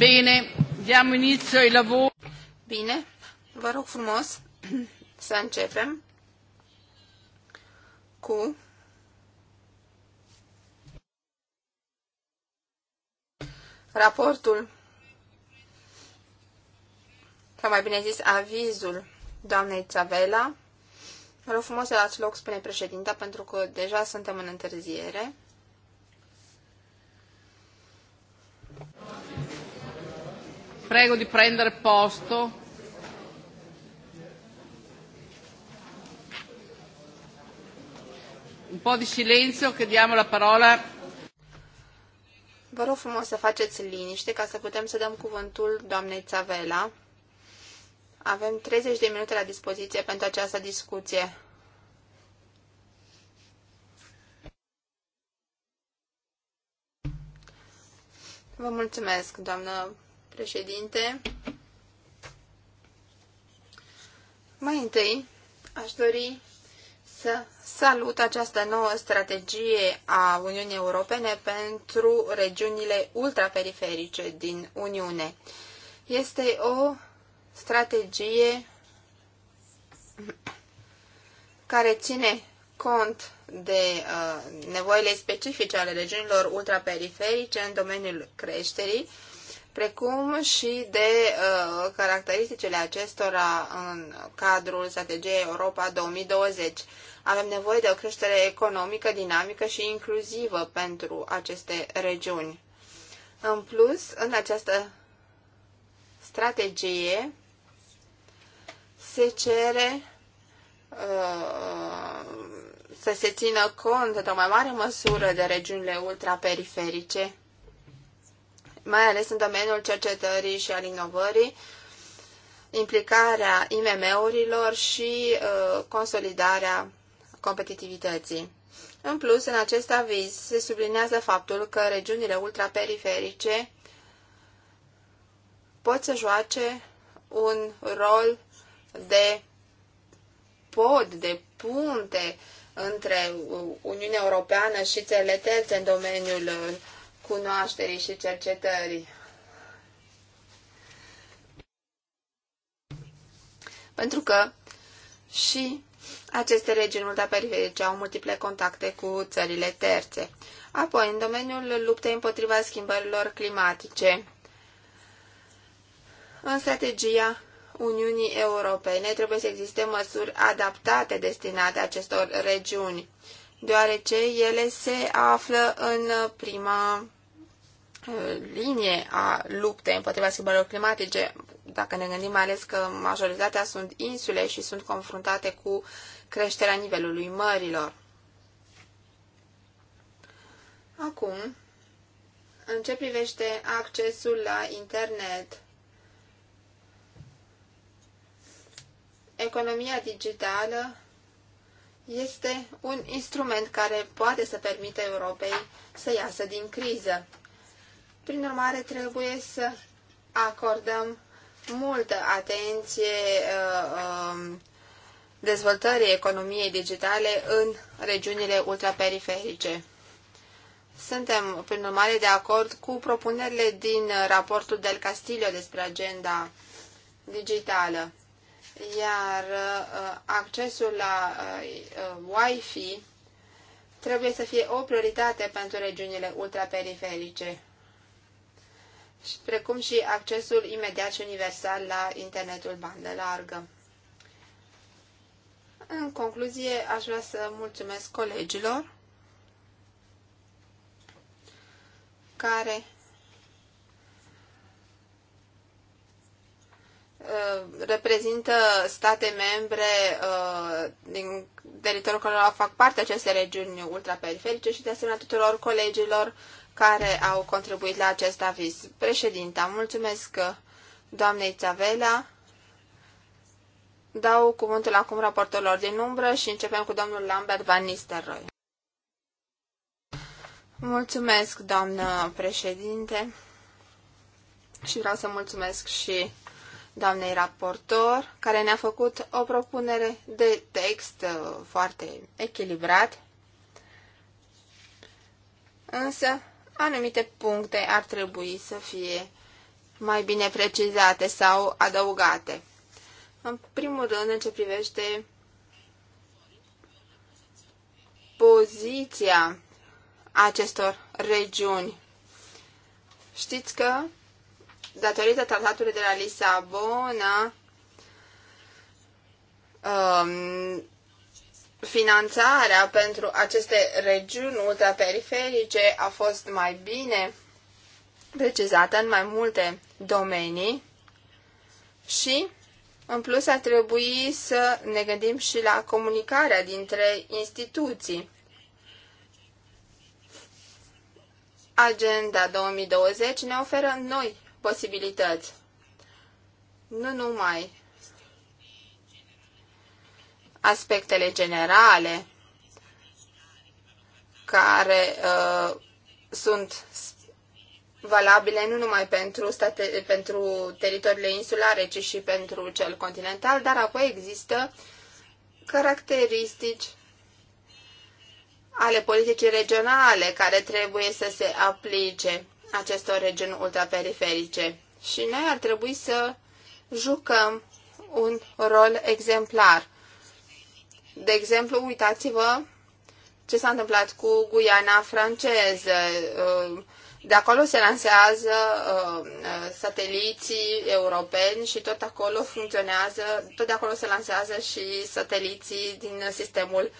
Bine, diamo inizio ai lavori. Bine, vă rog frumos să începem cu raportul, sau mai bine zis, avizul doamnei Țavela. Vă rog frumos să dați loc, spune președinta, pentru că deja suntem în întârziere. prego di prendere posto. Un po' di silenzio che diamo la parola. Vă rog frumos să faceți liniște ca să putem să dăm cuvântul doamnei Țavela. Avem 30 de minute la dispoziție pentru această discuție. Vă mulțumesc, doamnă președinte. Mai întâi, aș dori să salut această nouă strategie a Uniunii Europene pentru regiunile ultraperiferice din Uniune. Este o strategie care ține cont de uh, nevoile specifice ale regiunilor ultraperiferice în domeniul creșterii precum și de uh, caracteristicile acestora în cadrul strategiei Europa 2020. Avem nevoie de o creștere economică, dinamică și inclusivă pentru aceste regiuni. În plus, în această strategie se cere uh, să se țină cont într-o mai mare măsură de regiunile ultraperiferice mai ales în domeniul cercetării și al inovării, implicarea IMM-urilor și uh, consolidarea competitivității. În plus, în acest aviz se sublinează faptul că regiunile ultraperiferice pot să joace un rol de pod, de punte între Uniunea Europeană și țările terțe în domeniul uh, cunoașterii și cercetării. Pentru că și aceste regiuni ultraperiferice au multiple contacte cu țările terțe. Apoi, în domeniul luptei împotriva schimbărilor climatice, în strategia Uniunii Europene trebuie să existe măsuri adaptate destinate acestor regiuni, deoarece ele se află în prima linie a luptei împotriva schimbărilor climatice, dacă ne gândim mai ales că majoritatea sunt insule și sunt confruntate cu creșterea nivelului mărilor. Acum, în ce privește accesul la internet, economia digitală este un instrument care poate să permită Europei să iasă din criză. Prin urmare, trebuie să acordăm multă atenție uh, um, dezvoltării economiei digitale în regiunile ultraperiferice. Suntem, prin urmare, de acord cu propunerile din raportul del Castillo despre agenda digitală, iar uh, accesul la uh, Wi-Fi trebuie să fie o prioritate pentru regiunile ultraperiferice și precum și accesul imediat și universal la internetul bandă largă. În concluzie, aș vrea să mulțumesc colegilor care uh, reprezintă state membre uh, din teritoriul cărora fac parte aceste regiuni ultraperiferice și de asemenea tuturor colegilor care au contribuit la acest aviz. Președinta, mulțumesc uh, doamnei Țavela. Dau cuvântul acum raportorilor din umbră și începem cu domnul Lambert Van Nistelrooy. Mulțumesc, doamnă președinte, și vreau să mulțumesc și doamnei raportor, care ne-a făcut o propunere de text uh, foarte echilibrat. Însă, anumite puncte ar trebui să fie mai bine precizate sau adăugate. În primul rând, în ce privește poziția acestor regiuni. Știți că, datorită tratatului de la Lisabona, um, finanțarea pentru aceste regiuni ultraperiferice a fost mai bine precizată în mai multe domenii și, în plus, ar trebui să ne gândim și la comunicarea dintre instituții. Agenda 2020 ne oferă noi posibilități, nu numai aspectele generale care uh, sunt valabile nu numai pentru, state, pentru teritoriile insulare, ci și pentru cel continental, dar apoi există caracteristici ale politicii regionale care trebuie să se aplice acestor regiuni ultraperiferice. Și noi ar trebui să jucăm un rol exemplar de exemplu, uitați-vă ce s-a întâmplat cu Guiana franceză. Uh, de acolo se lansează uh, uh, sateliții europeni și tot acolo funcționează, tot de acolo se lansează și sateliții din sistemul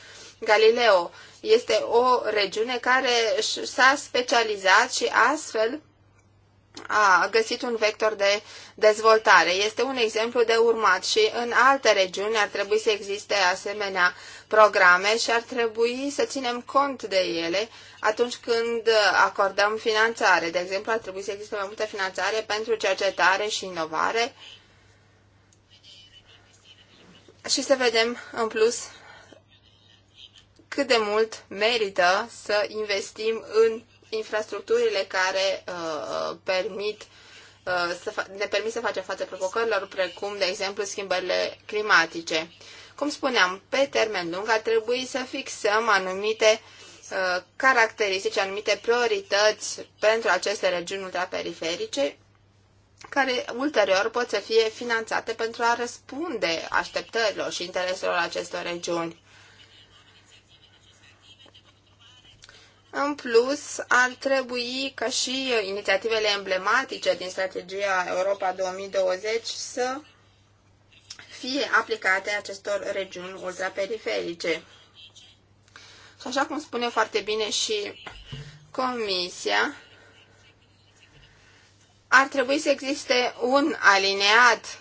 Galileo. Este o regiune care s-a specializat și astfel a găsit un vector de dezvoltare. Este un exemplu de urmat și în alte regiuni ar trebui să existe asemenea programe și ar trebui să ținem cont de ele atunci când acordăm finanțare. De exemplu, ar trebui să existe mai multă finanțare pentru cercetare și inovare și să vedem în plus cât de mult merită să investim în infrastructurile care uh, permit uh, să ne permit să facem față provocărilor, precum, de exemplu, schimbările climatice. Cum spuneam, pe termen lung ar trebui să fixăm anumite uh, caracteristici, anumite priorități pentru aceste regiuni ultraperiferice, care ulterior pot să fie finanțate pentru a răspunde așteptărilor și intereselor acestor regiuni. În plus, ar trebui ca și uh, inițiativele emblematice din strategia Europa 2020 să fie aplicate acestor regiuni ultraperiferice. Și așa cum spune foarte bine și Comisia, ar trebui să existe un alineat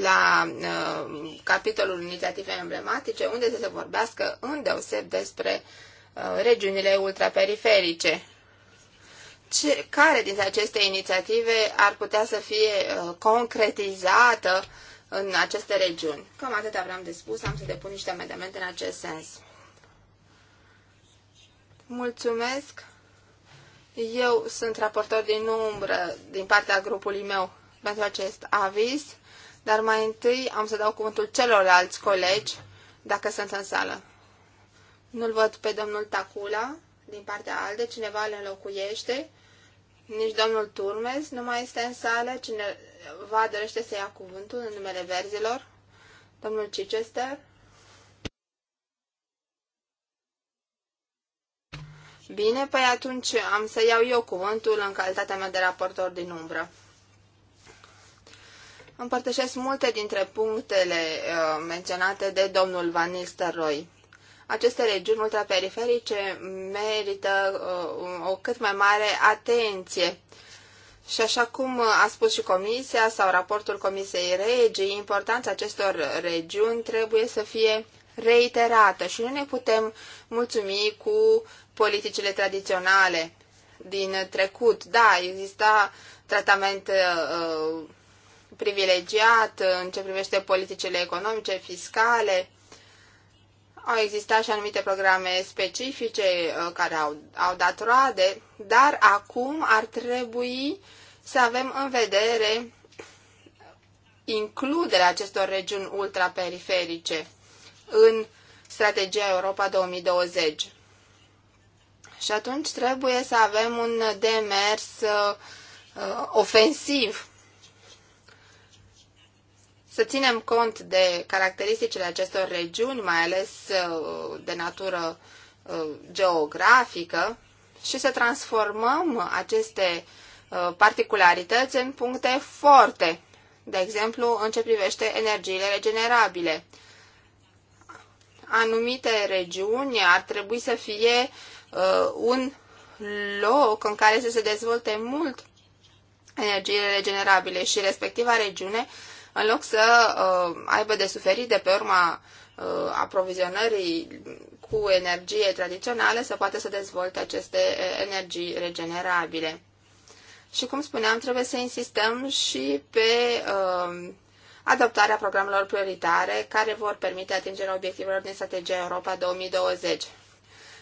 la uh, capitolul inițiative emblematice unde să se vorbească îndeoseb despre Uh, regiunile ultraperiferice. Ce, care dintre aceste inițiative ar putea să fie uh, concretizată în aceste regiuni? Cam atât vreau de spus, am să depun niște amendamente în acest sens. Mulțumesc! Eu sunt raportor din umbră din partea grupului meu pentru acest aviz, dar mai întâi am să dau cuvântul celorlalți colegi dacă sunt în sală. Nu-l văd pe domnul Tacula din partea ALDE, cineva îl înlocuiește. Nici domnul Turmes nu mai este în sală, cineva dorește să ia cuvântul în numele verzilor. Domnul Chichester. Bine, păi atunci am să iau eu cuvântul în calitatea mea de raportor din umbră. Împărtășesc multe dintre punctele uh, menționate de domnul Van Nistelrooy aceste regiuni ultraperiferice merită uh, o cât mai mare atenție. Și așa cum a spus și Comisia sau raportul Comisiei Regii, importanța acestor regiuni trebuie să fie reiterată și nu ne putem mulțumi cu politicile tradiționale din trecut. Da, exista tratament uh, uh privilegiat în ce privește politicile economice, fiscale, au existat și anumite programe specifice uh, care au, au dat roade, dar acum ar trebui să avem în vedere includerea acestor regiuni ultraperiferice în strategia Europa 2020. Și atunci trebuie să avem un demers uh, uh ofensiv să ținem cont de caracteristicile acestor regiuni, mai ales uh, de natură uh, geografică, și să transformăm aceste uh, particularități în puncte forte, de exemplu în ce privește energiile regenerabile. Anumite regiuni ar trebui să fie un loc în care să se dezvolte mult energiile regenerabile și respectiva regiune în loc să uh, aibă de suferit de pe urma uh, aprovizionării cu energie tradițională, să poată să dezvolte aceste uh, energii regenerabile. Și cum spuneam, trebuie să insistăm și pe uh, adoptarea programelor prioritare care vor permite atingerea obiectivelor din strategia Europa 2020.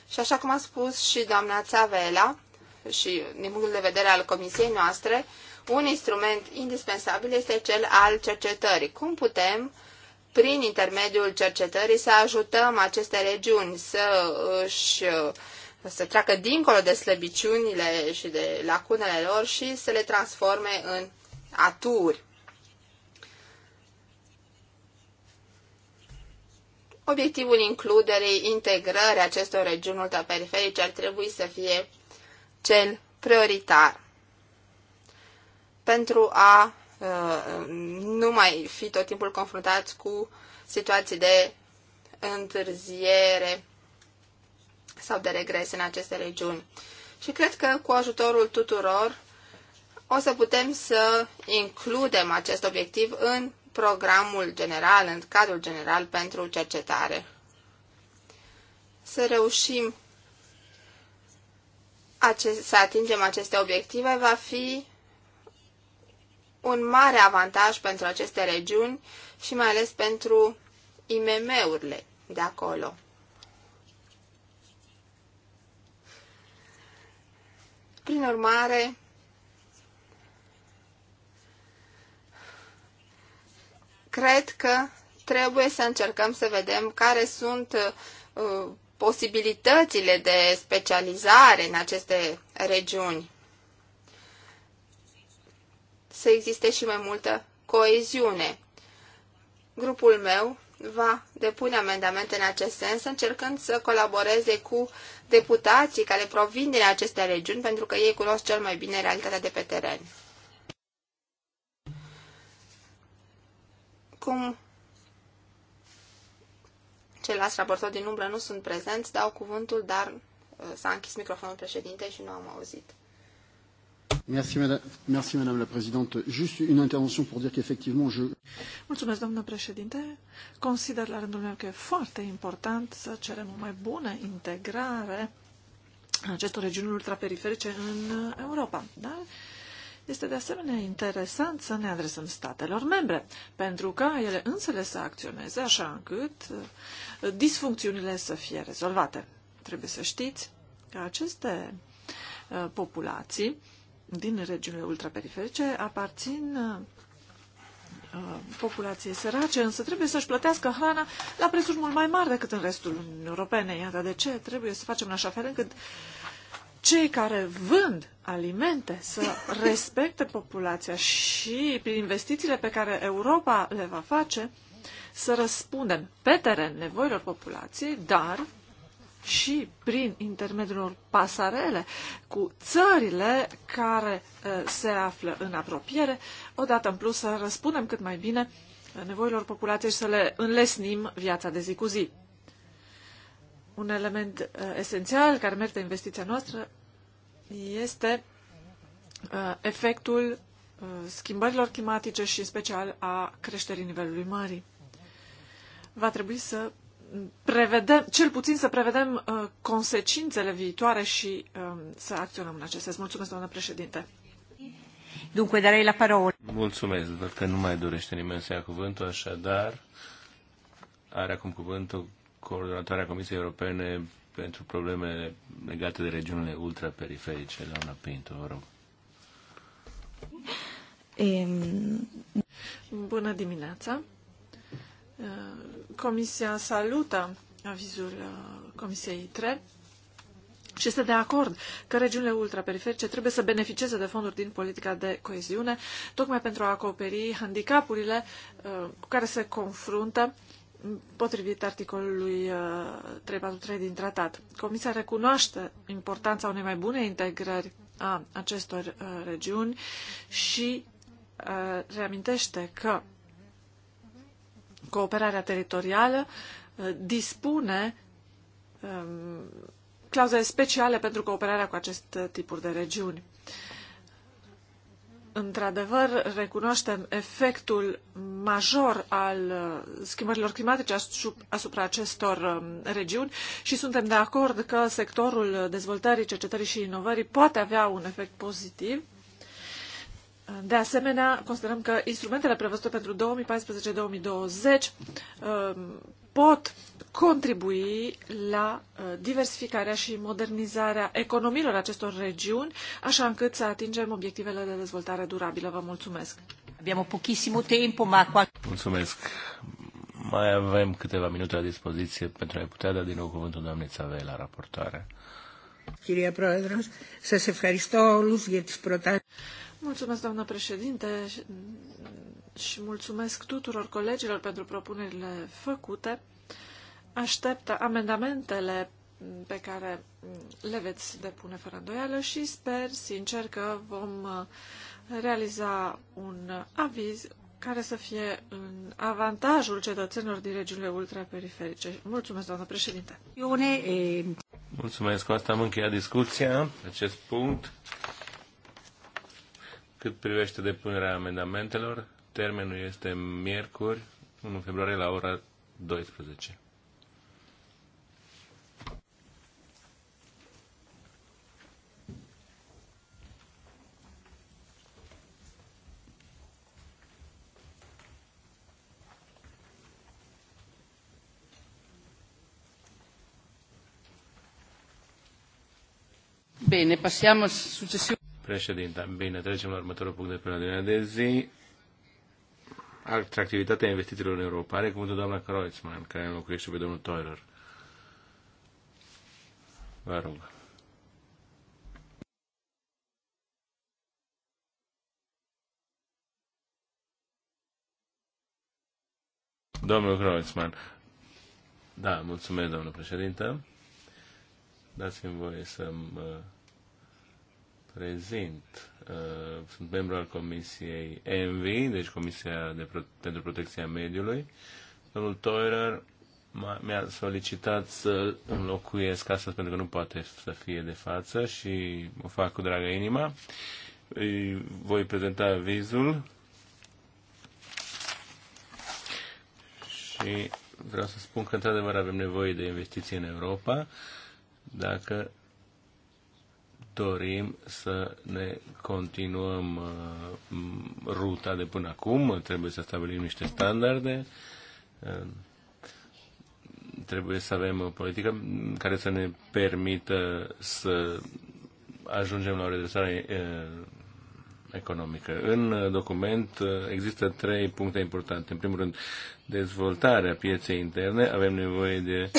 Și așa cum a spus și doamna Țavela, și din punctul de vedere al comisiei noastre, uh, un instrument indispensabil este cel al cercetării. Cum putem, prin intermediul cercetării, să ajutăm aceste regiuni să își să treacă dincolo de slăbiciunile și de lacunele lor și să le transforme în aturi. Obiectivul includerii, integrării acestor regiuni ultraperiferice ar trebui să fie cel prioritar pentru a uh, nu mai fi tot timpul confruntați cu situații de întârziere sau de regres în aceste regiuni. Și cred că cu ajutorul tuturor o să putem să includem acest obiectiv în programul general, în cadrul general pentru cercetare. Să reușim acest, să atingem aceste obiective va fi un mare avantaj pentru aceste regiuni și mai ales pentru IMM-urile de acolo. Prin urmare, cred că trebuie să încercăm să vedem care sunt uh, posibilitățile de specializare în aceste regiuni să existe și mai multă coeziune. Grupul meu va depune amendamente în acest sens, încercând să colaboreze cu deputații care provin din aceste regiuni, pentru că ei cunosc cel mai bine realitatea de pe teren. Cum ceilalți raportori din umbră nu sunt prezenți, dau cuvântul, dar uh, s-a închis microfonul președintei și nu am auzit. Merci, madame, merci, madame la présidente. Juste une intervention pour dire qu'effectivement, je... Mulțumesc, doamnă președinte. Consider la rândul meu că e foarte important să cerem o mai bună integrare a acestor regiuni ultraperiferice în Europa. Dar este de asemenea interesant să ne adresăm statelor membre, pentru ca ele însele să acționeze așa încât uh, disfuncțiunile să fie rezolvate. Trebuie să știți că aceste uh, populații din regiunile ultraperiferice aparțin uh, populației sărace, însă trebuie să-și plătească hrana la prețuri mult mai mari decât în restul Uniunii Europene. Iată de ce trebuie să facem în așa fel încât cei care vând alimente să respecte populația și prin investițiile pe care Europa le va face să răspundem pe teren nevoilor populației, dar și prin intermediul unor pasarele cu țările care uh, se află în apropiere, odată în plus să răspundem cât mai bine uh, nevoilor populației și să le înlesnim viața de zi cu zi. Un element uh, esențial care merită investiția noastră este efectul schimbărilor climatice și în special a creșterii nivelului mării. Va trebui să prevedem, cel puțin să prevedem uh, consecințele viitoare și uh, să acționăm în acest sens. Mulțumesc, doamnă președinte. Dunque, darei la parola. Mulțumesc, văd că nu mai dorește nimeni să ia cuvântul, așadar are acum cuvântul coordonatoarea Comisiei Europene pentru probleme legate de regiunile ultraperiferice, doamna Pinto, vă rog. Bună dimineața! Uh, Comisia salută avizul uh, Comisiei 3 și este de acord că regiunile ultraperiferice trebuie să beneficieze de fonduri din politica de coeziune, tocmai pentru a acoperi handicapurile uh, cu care se confruntă potrivit articolului 343 din tratat. Comisia recunoaște importanța unei mai bune integrări a acestor regiuni și reamintește că cooperarea teritorială uh, dispune clauzele um, clauze speciale pentru cooperarea cu acest uh, tipuri de regiuni. Într-adevăr, recunoaștem efectul major al uh, schimbărilor climatice asupra acestor um, regiuni și suntem de acord că sectorul dezvoltării, cercetării și inovării poate avea un efect pozitiv de asemenea, considerăm că instrumentele prevăzute pentru 2014-2020 um, pot contribui la uh, diversificarea și modernizarea economiilor acestor regiuni, așa încât să atingem obiectivele de dezvoltare durabilă. Vă mulțumesc! Abbiamo pochissimo tempo, ma... Mulțumesc! Mai avem câteva minute la dispoziție pentru a putea da din nou cuvântul doamnei Țavei la raportare. Chiria Proedros, să se feristo olus, Mulțumesc, doamnă președinte, și mulțumesc tuturor colegilor pentru propunerile făcute. Aștept amendamentele pe care le veți depune fără îndoială și sper sincer că vom uh, realiza un aviz care să fie în avantajul cetățenilor din regiunile ultraperiferice. Mulțumesc, doamnă președinte. Mulțumesc, cu asta am încheiat discuția, acest punct. Cât privește depunerea amendamentelor, termenul este miercuri, 1 februarie la ora 12. Bene, passiamo successivo președinte. bine, trecem la următorul punct de pe ordinea de zi. Atractivitatea investițiilor în Europa. Are cuvântul doamna Kreuzmann, care înlocuiește pe domnul Toiler. Vă rog. Domnul Kreuzmann. Da, mulțumesc, domnul președinte. Dați-mi voie să mă uh, prezent. Uh, sunt membru al Comisiei ENVI, deci Comisia de Pro- pentru Protecția Mediului. Domnul Toirer mi-a solicitat să înlocuiesc astăzi pentru că nu poate să fie de față și o fac cu dragă inima. Îi voi prezenta vizul și vreau să spun că într-adevăr avem nevoie de investiții în Europa dacă dorim să ne continuăm uh, ruta de până acum, trebuie să stabilim niște standarde, uh, trebuie să avem o politică care să ne permită să ajungem la o redresare uh, economică. În document există trei puncte importante. În primul rând, dezvoltarea pieței interne. Avem nevoie de,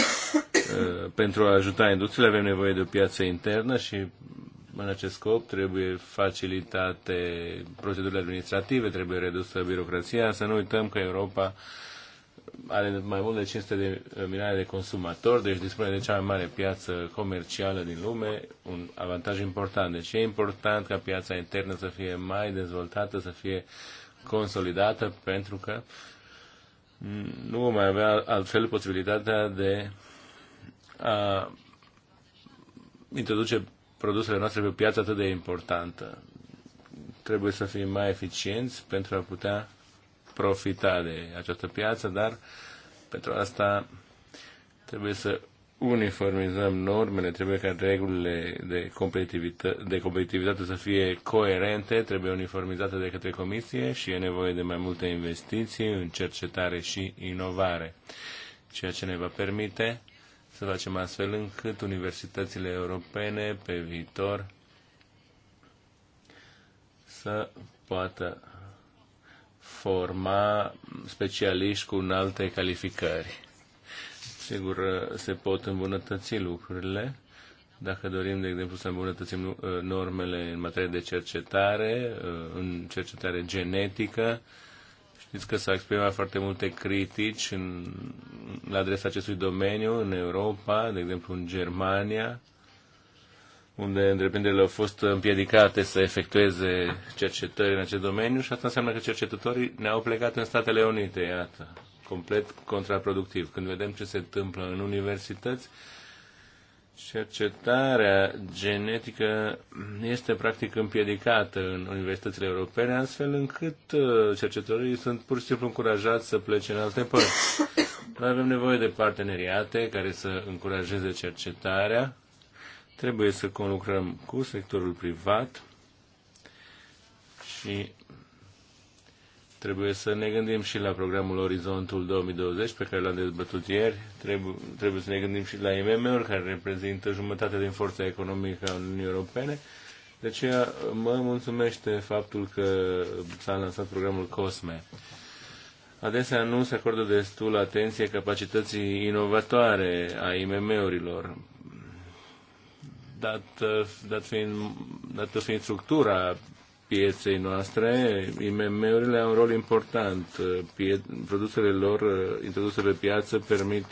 pentru a ajuta industriile, avem nevoie de o piață internă și în acest scop trebuie facilitate procedurile administrative, trebuie redusă birocrația. Să nu uităm că Europa are mai mult de 500 de milioane de consumatori, deci dispune de cea mai mare piață comercială din lume, un avantaj important. Deci e important ca piața internă să fie mai dezvoltată, să fie consolidată, pentru că nu vom mai avea altfel posibilitatea de a introduce produsele noastre pe piață atât de importantă. Trebuie să fim mai eficienți pentru a putea profita de această piață, dar pentru asta trebuie să uniformizăm normele, trebuie ca regulile de competitivitate, de competitivitate să fie coerente, trebuie uniformizate de către comisie și e nevoie de mai multe investiții în cercetare și inovare, ceea ce ne va permite să facem astfel încât universitățile europene pe viitor să poată forma specialiști cu înalte calificări. Sigur, se pot îmbunătăți lucrurile. Dacă dorim, de exemplu, să îmbunătățim uh, normele în materie de cercetare, uh, în cercetare genetică, Știți că s-au exprimat foarte multe critici în, la adresa acestui domeniu în Europa, de exemplu în Germania, unde întreprinderile au fost împiedicate să efectueze cercetări în acest domeniu și asta înseamnă că cercetătorii ne-au plecat în Statele Unite, iată, complet contraproductiv. Când vedem ce se întâmplă în universități, cercetarea genetică este practic împiedicată în universitățile europene, astfel încât uh, cercetătorii sunt pur și simplu încurajați să plece în alte părți. Noi avem nevoie de parteneriate care să încurajeze cercetarea. Trebuie să conlucrăm cu sectorul privat și Trebuie să ne gândim și la programul Orizontul 2020 pe care l-am dezbătut ieri. Trebuie, trebuie să ne gândim și la IMM-uri care reprezintă jumătate din forța economică a Uniunii Europene. De deci, aceea mă mulțumește faptul că s-a lansat programul COSME. Adesea nu se acordă destul atenție capacității inovatoare a IMM-urilor, dat, dat, fiind, dat fiind structura pieței noastre, IMM-urile au un rol important. Pie- produsele lor introduse pe piață permit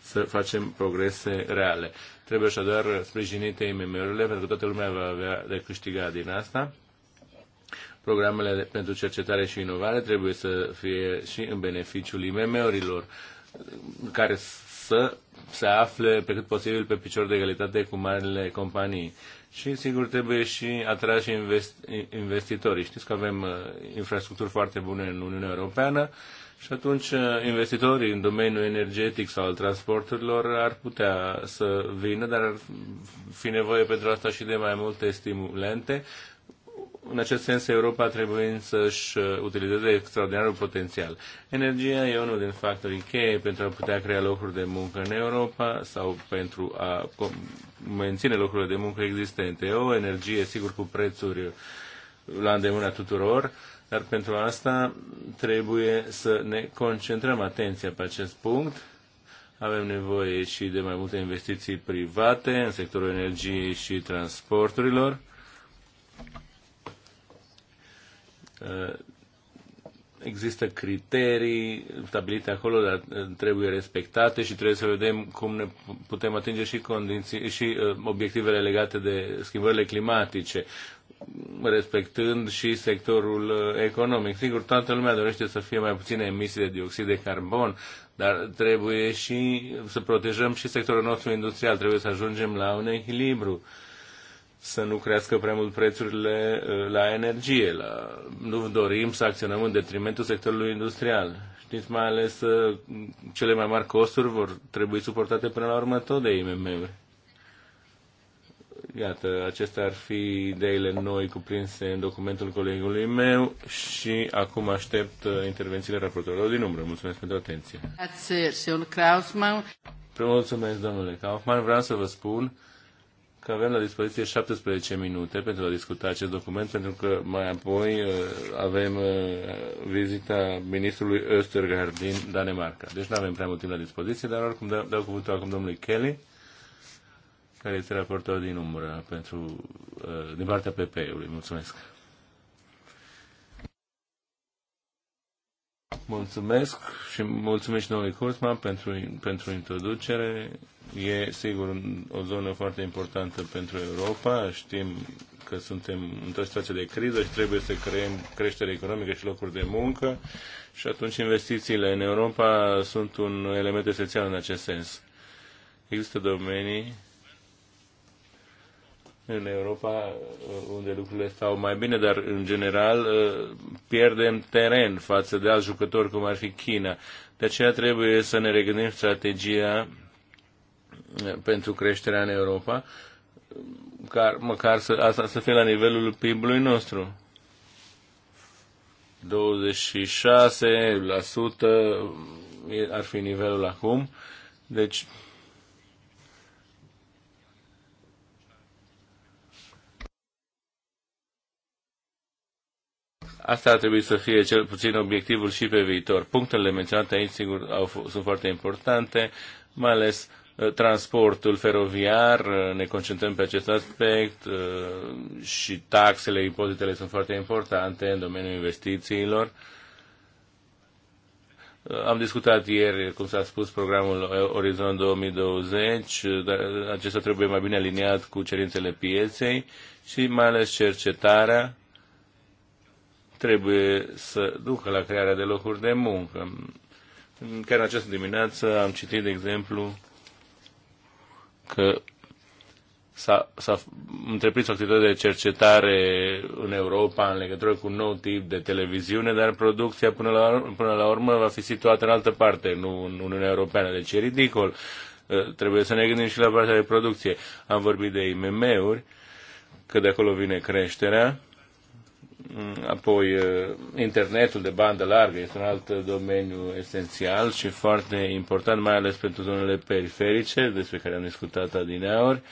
să facem progrese reale. Trebuie așadar sprijinite IMM-urile, pentru că toată lumea va avea de câștigat din asta. Programele pentru cercetare și inovare trebuie să fie și în beneficiul IMM-urilor, care să se afle pe cât posibil pe picior de egalitate cu marile companii și, sigur, trebuie și atrași investitorii. Știți că avem uh, infrastructuri foarte bune în Uniunea Europeană și atunci uh, investitorii în domeniul energetic sau al transporturilor ar putea să vină, dar ar fi nevoie pentru asta și de mai multe stimulente. În acest sens, Europa trebuie să-și uh, utilizeze extraordinarul potențial. Energia e unul din factorii cheie pentru a putea crea locuri de muncă în Europa sau pentru a menține locurile de muncă existente, o energie, sigur, cu prețuri la îndemâna tuturor, dar pentru asta trebuie să ne concentrăm atenția pe acest punct. Avem nevoie și de mai multe investiții private în sectorul energiei și transporturilor există criterii stabilite acolo, dar uh, trebuie respectate și trebuie să vedem cum ne putem atinge și, condiții, și uh, obiectivele legate de schimbările climatice, respectând și sectorul uh, economic. Sigur, toată lumea dorește să fie mai puține emisii de dioxid de carbon, dar trebuie și să protejăm și sectorul nostru industrial, trebuie să ajungem la un echilibru să nu crească prea mult prețurile uh, la energie. La... Nu dorim să acționăm în detrimentul sectorului industrial. Știți, mai ales uh, cele mai mari costuri vor trebui suportate până la urmă tot de IMM-uri. Iată, acestea ar fi ideile noi cuprinse în documentul colegului meu și acum aștept uh, intervențiile raportorilor din umbră. Mulțumesc pentru atenție. Mulțumesc, domnule Kaufmann. Vreau să vă spun că avem la dispoziție 17 minute pentru a discuta acest document, pentru că mai apoi uh, avem uh, vizita ministrului Östergaard din Danemarca. Deci nu avem prea mult timp la dispoziție, dar oricum dau, dau cuvântul acum domnului Kelly, care este raportor din umbră pentru, uh, din partea PP-ului. Mulțumesc! Mulțumesc și mulțumesc și domnului Kurzman pentru, pentru introducere E, sigur, o zonă foarte importantă pentru Europa. Știm că suntem într-o situație de criză și trebuie să creăm creștere economică și locuri de muncă și atunci investițiile în Europa sunt un element esențial în acest sens. Există domenii în Europa uh, unde lucrurile stau mai bine, dar în general uh, pierdem teren față de alți jucători cum ar fi China. De aceea trebuie să ne regândim strategia pentru creșterea în Europa, car, măcar să, asta să fie la nivelul PIB-ului nostru. 26% ar fi nivelul acum. Deci Asta ar trebui să fie cel puțin obiectivul și pe viitor. Punctele menționate aici, sigur, au, sunt foarte importante, mai ales Uh, transportul feroviar, uh, ne concentrăm pe acest aspect uh, și taxele, impozitele sunt foarte importante în domeniul investițiilor. Am discutat ieri, cum s-a spus, programul Orizont 2020, dar acesta trebuie mai bine aliniat cu cerințele pieței și mai ales cercetarea trebuie să ducă la crearea de locuri de muncă. Chiar în această dimineață am citit, de exemplu, că s-a, s-a întreprins o activitate de cercetare în Europa în legătură cu un nou tip de televiziune, dar producția până la, până la urmă va fi situată în altă parte, nu în Uniunea Europeană. Deci e ridicol. Uh, trebuie să ne gândim și la partea de producție. Am vorbit de IMM-uri, că de acolo vine creșterea Apoi, uh, internetul de bandă largă este un alt uh, domeniu esențial și foarte important, mai ales pentru zonele periferice, despre care am discutat adineori.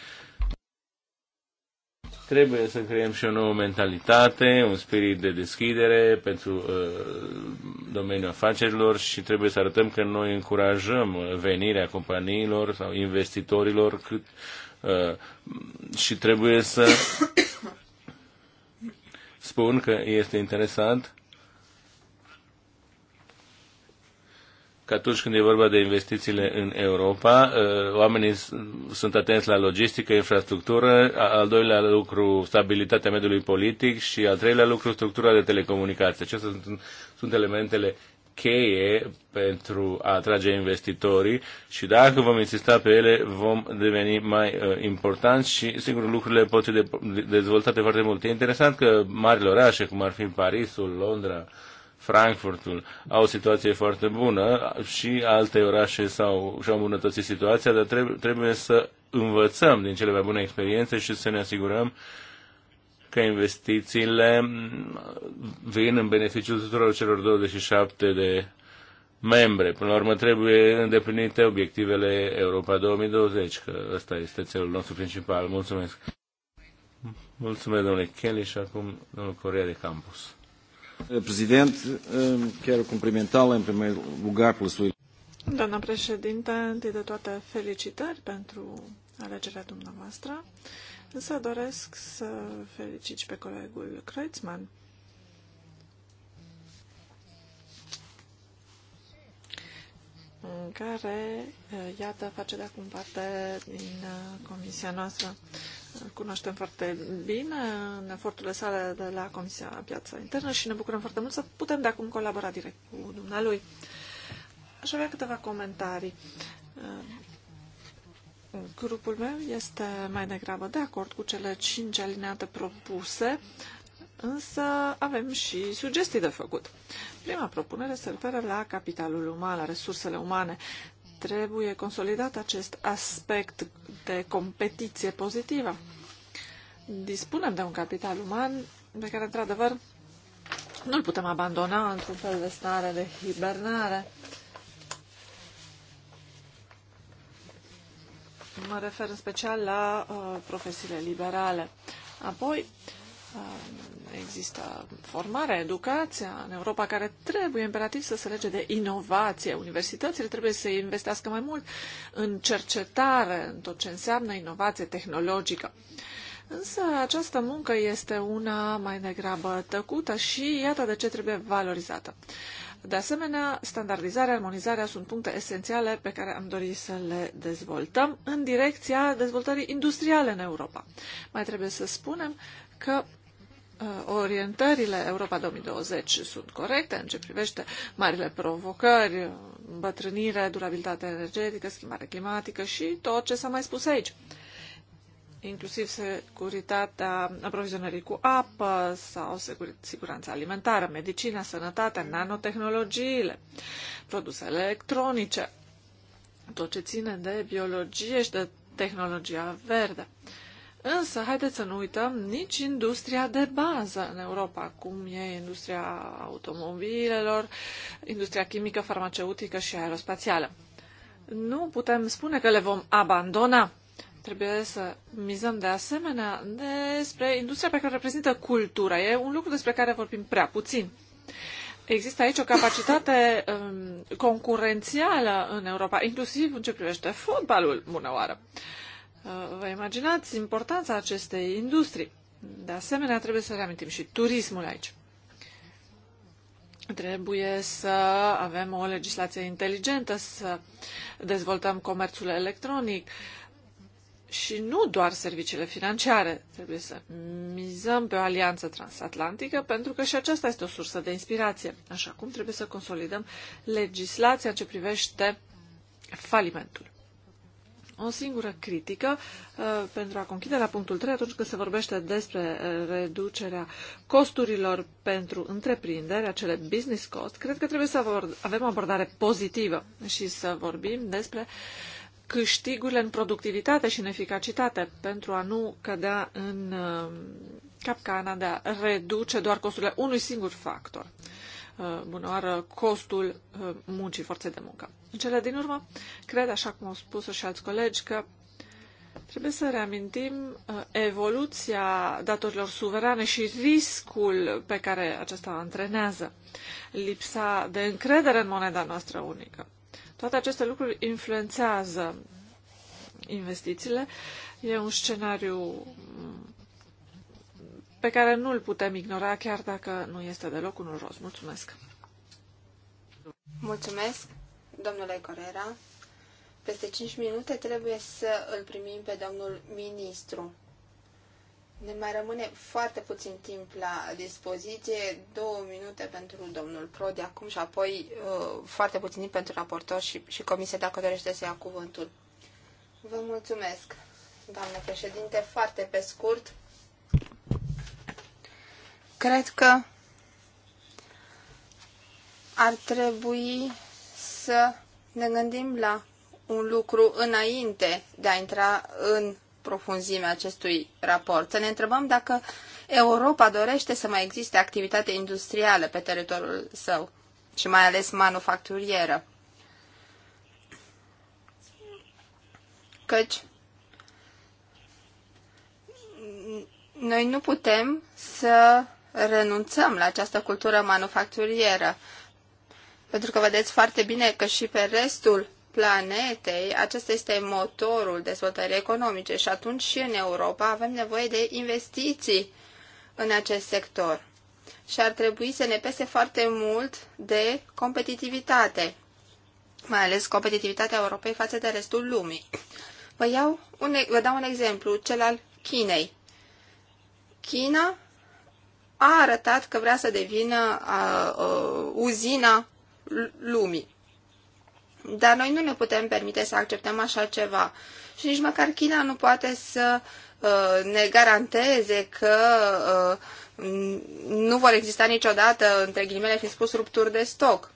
Trebuie să creăm și o nouă mentalitate, un spirit de deschidere pentru uh, domeniul afacerilor și trebuie să arătăm că noi încurajăm uh, venirea companiilor sau investitorilor cât, uh, și trebuie să spun că este interesant că atunci când e vorba de investițiile în Europa, uh, oamenii sunt atenți la logistică, infrastructură, al doilea lucru, stabilitatea mediului politic și al treilea lucru, structura de telecomunicații. Acestea sunt, sunt elementele cheie pentru a atrage investitorii și dacă vom insista pe ele, vom deveni mai uh, importanți și, sigur, lucrurile pot fi de- dezvoltate foarte mult. E interesant că marile orașe, cum ar fi Parisul, Londra, Frankfurtul, au o situație foarte bună și alte orașe s-au, și-au îmbunătățit situația, dar trebuie, trebuie să învățăm din cele mai bune experiențe și să ne asigurăm uh, că investițiile vin în beneficiul tuturor celor 27 de membre. Până la urmă trebuie îndeplinite obiectivele Europa 2020, că ăsta este țelul nostru principal. Mulțumesc! Mulțumesc, domnule Kelly, și acum domnul Corea de Campus. Președinte, chiar o la în primul lugar pela sua... Doamna președinte, întâi de toate felicitări pentru alegerea dumneavoastră. Însă doresc să felicit pe colegul Kreutzmann. care, iată, face de acum parte din uh, comisia noastră. Îl cunoaștem foarte bine în eforturile sale de la Comisia Piața Internă și ne bucurăm foarte mult să putem de acum colabora direct cu dumnealui. Aș avea câteva comentarii uh, Grupul meu este mai degrabă de acord cu cele cinci alineate propuse, însă avem și sugestii de făcut. Prima propunere se referă la capitalul uman, la resursele umane. Trebuie consolidat acest aspect de competiție pozitivă. Dispunem de un capital uman pe care, într-adevăr, nu-l putem abandona într-un fel de stare de hibernare. Mă refer în special la uh, profesiile liberale. Apoi, uh, există formarea, educația în Europa care trebuie imperativ să se lege de inovație. Universitățile trebuie să investească mai mult în cercetare, în tot ce înseamnă inovație tehnologică. Uh, Însă această muncă este una mai degrabă tăcută și iată de ce trebuie valorizată. De asemenea, standardizarea, armonizarea sunt puncte esențiale pe care am dorit să le dezvoltăm în direcția dezvoltării industriale în Europa. Mai trebuie să spunem că uh, orientările Europa 2020 sunt corecte în ce privește marile provocări, îmbătrânire, durabilitate energetică, schimbare climatică și tot ce s-a mai spus aici inclusiv securitatea aprovizionării cu apă sau siguranța alimentară, medicina, sănătatea, nanotehnologiile, produsele electronice, tot ce ține de biologie și de tehnologia verde. Însă, haideți să nu uităm nici industria de bază în Europa, cum e industria automobilelor, industria chimică, farmaceutică și aerospațială. Nu putem spune că le vom abandona Trebuie să mizăm de asemenea despre industria pe care reprezintă cultura. E un lucru despre care vorbim prea puțin. Există aici o capacitate um, concurențială în Europa, inclusiv în ce privește fotbalul, bună oară. Uh, vă imaginați importanța acestei industrii. De asemenea, trebuie să reamintim și turismul aici. Trebuie să avem o legislație inteligentă, să dezvoltăm comerțul electronic, uh, și nu doar serviciile financiare. Trebuie să mizăm pe o alianță transatlantică pentru că și aceasta este o sursă de inspirație. Așa cum trebuie să consolidăm legislația ce privește falimentul. O singură critică uh, pentru a conchide la punctul 3 atunci când se vorbește despre uh, reducerea costurilor pentru întreprinderi, acele business cost, cred că trebuie să avem o abordare pozitivă și să vorbim despre uh, câștigurile în productivitate și în eficacitate pentru a nu cădea în um, capcana de a reduce doar costurile unui singur factor. Uh, bună oară, costul uh, muncii forței de muncă. În cele din urmă, cred, așa cum au spus și alți colegi, că Trebuie să reamintim uh, evoluția datorilor suverane și riscul pe care acesta antrenează, lipsa de încredere în moneda noastră unică. Toate aceste lucruri influențează investițiile. E un scenariu pe care nu îl putem ignora, chiar dacă nu este deloc unul roz. Mulțumesc! Mulțumesc, domnule Corera. Peste 5 minute trebuie să îl primim pe domnul ministru. Ne mai rămâne foarte puțin timp la dispoziție, două minute pentru domnul Prode acum și apoi uh, foarte puțin timp pentru raportor și, și comisie dacă dorește să ia cuvântul. Vă mulțumesc, doamnă președinte, foarte pe scurt. Cred că ar trebui să ne gândim la un lucru înainte de a intra în profunzimea acestui raport. Să ne întrebăm dacă Europa dorește să mai existe activitate industrială pe teritoriul său și mai ales manufacturieră. Căci noi nu putem să renunțăm la această cultură manufacturieră. Pentru că vedeți foarte bine că și pe restul planetei, acesta este motorul dezvoltării economice și atunci și în Europa avem nevoie de investiții în acest sector. Și ar trebui să ne pese foarte mult de competitivitate, mai ales competitivitatea Europei față de restul lumii. Vă, iau un, vă dau un exemplu, cel al Chinei. China a arătat că vrea să devină a, a, uzina lumii. Dar noi nu ne putem permite să acceptăm așa ceva. Și nici măcar China nu poate să uh, ne garanteze că uh, nu vor exista niciodată, între ghilimele fiind spus, rupturi de stoc.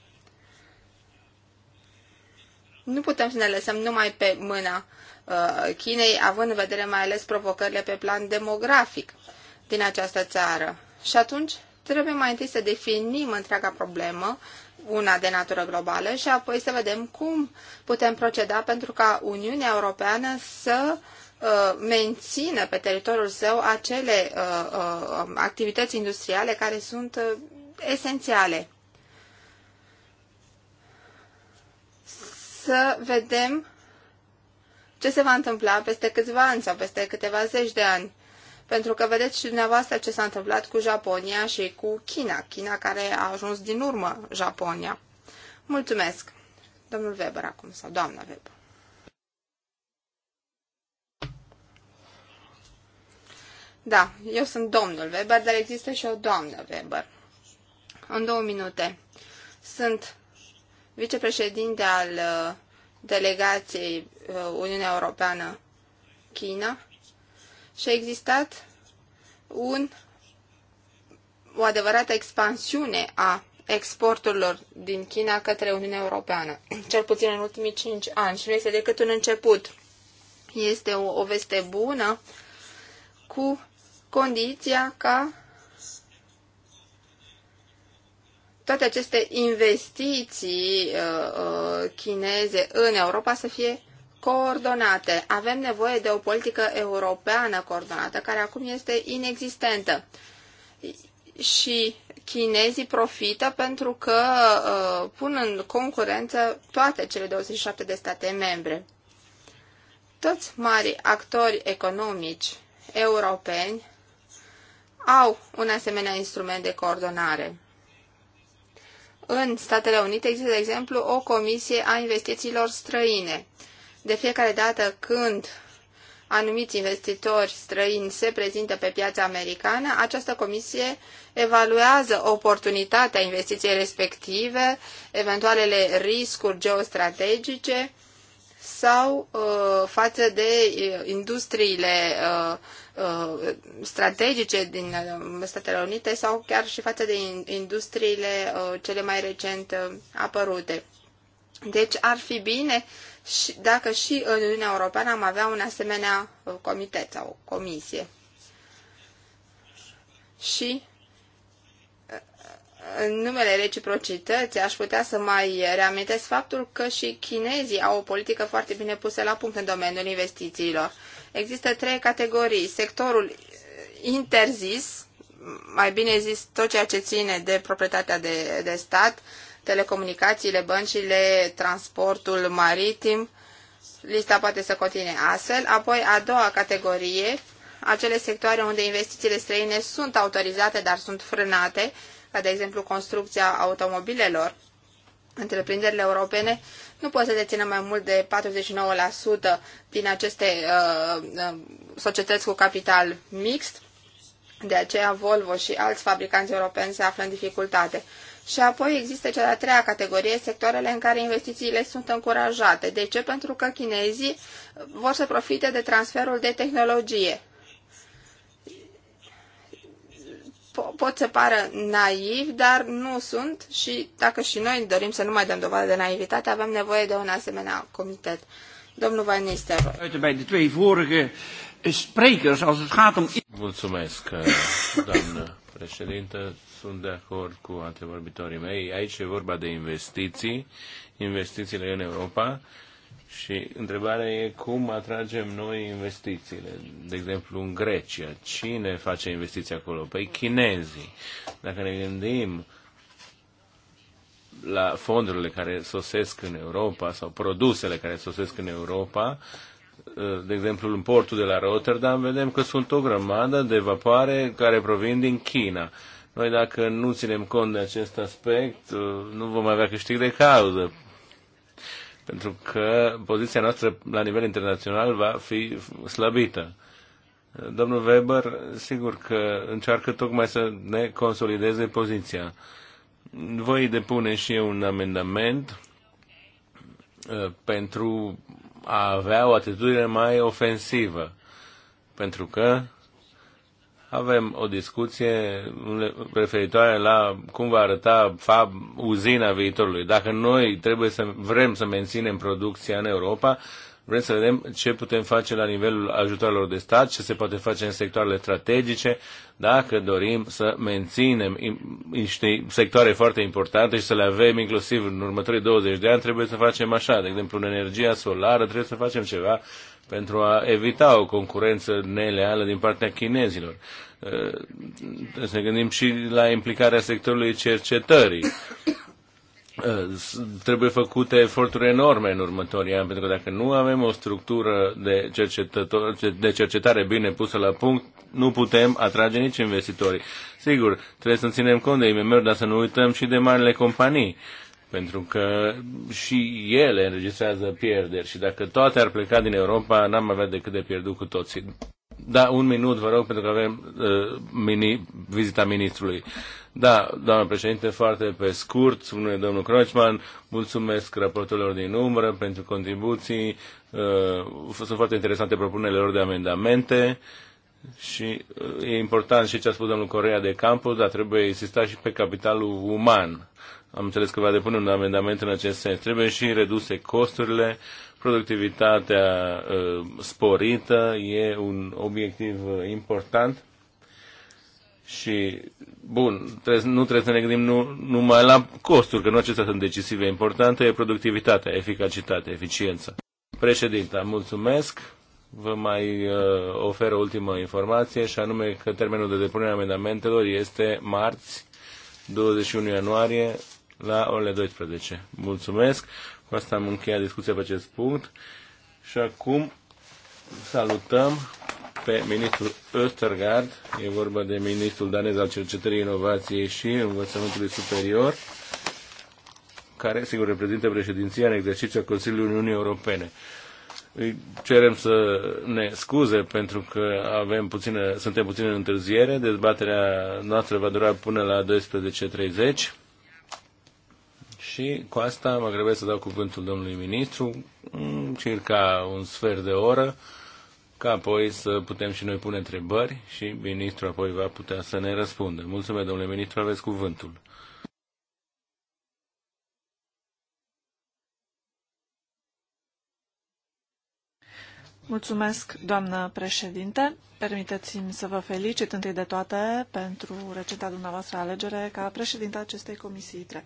Nu putem să ne lăsăm numai pe mâna uh, Chinei, având în vedere mai ales provocările pe plan demografic din această țară. Și atunci trebuie mai întâi să definim întreaga problemă, una de natură globală și apoi să vedem cum putem proceda pentru ca Uniunea Europeană să uh, mențină pe teritoriul său acele uh, uh, activități industriale care sunt esențiale. Să vedem ce se va întâmpla peste câțiva ani sau peste câteva zeci de ani pentru că vedeți și dumneavoastră ce s-a întâmplat cu Japonia și cu China, China care a ajuns din urmă Japonia. Mulțumesc, domnul Weber acum, sau doamna Weber. Da, eu sunt domnul Weber, dar există și o doamnă Weber. În două minute. Sunt vicepreședinte al uh, delegației uh, Uniunea Europeană China și a existat un, o adevărată expansiune a exporturilor din China către Uniunea Europeană, cel puțin în ultimii cinci ani și nu este decât un început. Este o, o veste bună cu condiția ca toate aceste investiții uh, uh, chineze în Europa să fie coordonate. Avem nevoie de o politică europeană coordonată, care acum este inexistentă. Și chinezii profită pentru că uh, pun în concurență toate cele 27 de state membre. Toți mari actori economici europeni au un asemenea instrument de coordonare. În Statele Unite există, de exemplu, o comisie a investițiilor străine de fiecare dată când anumiți investitori străini se prezintă pe piața americană, această comisie evaluează oportunitatea investiției respective, eventualele riscuri geostrategice sau uh, față de uh, industriile uh, uh, strategice din uh, Statele Unite sau chiar și față de industriile uh, cele mai recent apărute. Deci ar fi bine și dacă și în Uniunea Europeană am avea un asemenea uh, comitet sau comisie. Și uh, în numele reciprocității aș putea să mai reamintesc faptul că și chinezii au o politică foarte bine pusă la punct în domeniul investițiilor. Există trei categorii. Sectorul uh, interzis, mai bine zis tot ceea ce ține de proprietatea de, de stat, telecomunicațiile, băncile, transportul maritim. Lista poate să continue astfel. Apoi, a doua categorie, acele sectoare unde investițiile străine sunt autorizate, dar sunt frânate, ca de exemplu construcția automobilelor. Întreprinderile europene nu pot să dețină mai mult de 49% din aceste uh, uh, societăți cu capital mixt, de aceea Volvo și alți fabricanți europeni se află în dificultate. Și apoi există cea de-a treia categorie, sectoarele în care investițiile sunt încurajate. De ce? Pentru că chinezii vor să profite de transferul de tehnologie. Pot să pară naivi, dar nu sunt și dacă și noi dorim să nu mai dăm dovadă de naivitate, avem nevoie de un asemenea comitet. Domnul Van Nistelrooy. Bij de twee vorige eh, sprekers, als het gaat om... Mulțumesc, eh, doamnă președintă, sunt de acord cu antevorbitorii mei. Aici e vorba de investiții, investițiile în Europa și întrebarea e cum atragem noi investițiile. De exemplu, în Grecia, cine face investiții acolo? Păi chinezii. Dacă ne gândim la fondurile care sosesc în Europa sau produsele care sosesc în Europa, Eh, de exemplu, în portul de la Rotterdam, vedem că sunt o grămadă de vapoare care provin din China. Noi, dacă nu ținem cont de acest aspect, eh, nu vom avea câștig de cauză. Pentru că poziția noastră la nivel internațional va fi slăbită. Eh, domnul Weber, sigur că încearcă tocmai să ne consolideze poziția. Voi depune și eu un amendament pentru a avea o atitudine mai ofensivă. Pentru că avem o discuție referitoare la cum va arăta fab uzina viitorului. Dacă noi trebuie să vrem să menținem producția în Europa, Vrem să vedem ce putem face la nivelul ajutoarelor de stat, ce se poate face în sectoarele strategice, dacă dorim să menținem niște sectoare foarte importante și să le avem inclusiv în următorii 20 de ani, trebuie să facem așa. De exemplu, în energia solară trebuie să facem ceva pentru a evita o concurență neleală din partea chinezilor. Uh, trebuie să ne gândim și la implicarea sectorului cercetării Eh, trebuie făcute eforturi enorme în următorii ani, pentru că dacă nu avem o structură de, de cercetare bine pusă la punct, nu putem atrage nici investitorii. Sigur, trebuie să ținem cont de imm dar să nu uităm și de marile companii, pentru că și ele înregistrează pierderi și dacă toate ar pleca din Europa, n-am avea decât de pierdut cu toții. Da, un minut, vă rog, pentru că avem uh, mini, vizita ministrului. Da, doamnă președinte, foarte pe scurt, spune domnul Crocman, mulțumesc raportorilor din umbră pentru contribuții, uh, sunt foarte interesante propunerile lor de amendamente și uh, e important și ce a spus domnul Corea de Campos, dar trebuie insista și pe capitalul uman. Am înțeles că va depune un amendament în acest sens. Trebuie și reduse costurile, productivitatea uh, sporită e un obiectiv important și, bun, trebuie, nu trebuie să ne gândim nu, numai la costuri, că nu acestea sunt decisive. importante, e productivitatea, eficacitatea, eficiența. Președinta, mulțumesc. Vă mai uh, ofer o ultimă informație și anume că termenul de depunere a amendamentelor este marți, 21 ianuarie, la orele 12. Mulțumesc. Cu asta am încheiat discuția pe acest punct. Și acum salutăm pe ministrul Östergaard, e vorba de ministrul danez al cercetării, inovației și învățământului superior, care, sigur, reprezintă președinția în exercițiu a Consiliului Uniunii Europene. Îi cerem să ne scuze pentru că avem puțină, suntem puțin în întârziere. Dezbaterea noastră va dura până la 12.30. Și cu asta mă grebesc să dau cuvântul domnului ministru, circa un sfert de oră ca apoi să putem și noi pune întrebări și ministrul apoi va putea să ne răspundă. Mulțumesc, domnule ministru, aveți cuvântul. Mulțumesc, doamnă președinte. Permiteți-mi să vă felicit întâi de toate pentru recenta dumneavoastră alegere ca președinte acestei comisii ITRE.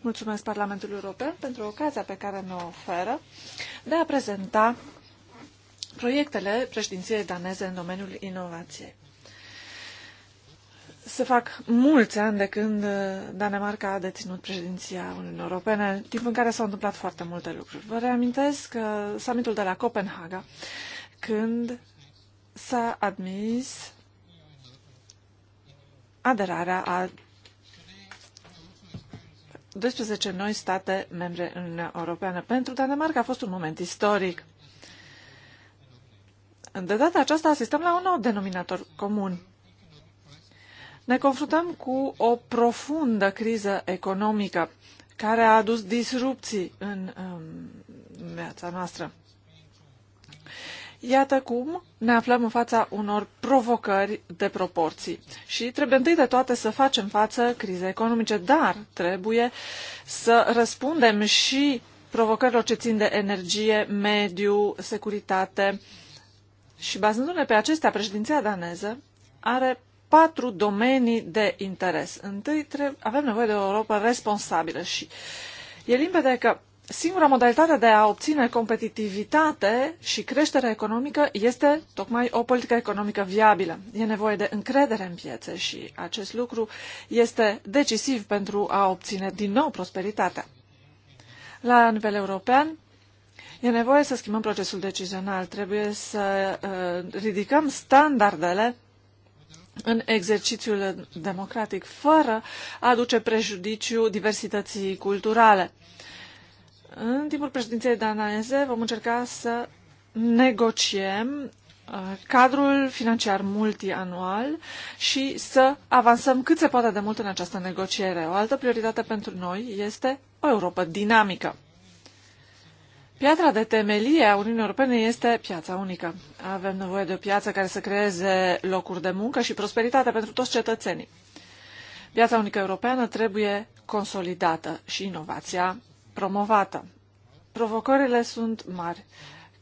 Mulțumesc Parlamentului European pentru ocazia pe care ne oferă de a prezenta proiectele președinției daneze în domeniul inovației. Se fac mulți ani de când uh, Danemarca a deținut președinția Uniunii Europene, timp în care s-au întâmplat foarte multe lucruri. Vă reamintesc că uh, summitul de la Copenhaga, când s-a admis aderarea a 12 noi state membre în Uniunea Europeană. Pentru Danemarca a fost un moment istoric. De data aceasta asistăm la un nou denominator comun. Ne confruntăm cu o profundă criză economică care a adus disrupții în um, în viața noastră. Iată cum ne aflăm în fața unor provocări de proporții. Și trebuie întâi de toate să facem față crizei economice, dar trebuie să răspundem și provocărilor ce țin de energie, mediu, securitate, uh, și bazându-ne pe acestea, președinția daneză are patru domenii de interes. Întâi, avem nevoie de o Europa responsabilă și e limpede că singura modalitate de a obține competitivitate și creștere economică este tocmai o politică economică viabilă. E nevoie de încredere în piețe și acest lucru este decisiv pentru a obține din nou prosperitatea. La nivel european, E nevoie să schimbăm procesul decizional, trebuie să uh, ridicăm standardele în exercițiul democratic, fără a aduce prejudiciu diversității culturale. În timpul președinției daneze vom încerca să negociem uh, cadrul financiar multianual și să avansăm cât se poate de mult în această negociere. O altă prioritate pentru noi este o Europa dinamică. Piatra de temelie a Uniunii Europene este piața unică. Avem nevoie de o piață care să creeze locuri de muncă și prosperitate pentru toți cetățenii. Piața unică europeană trebuie consolidată și inovația promovată. Provocările sunt mari.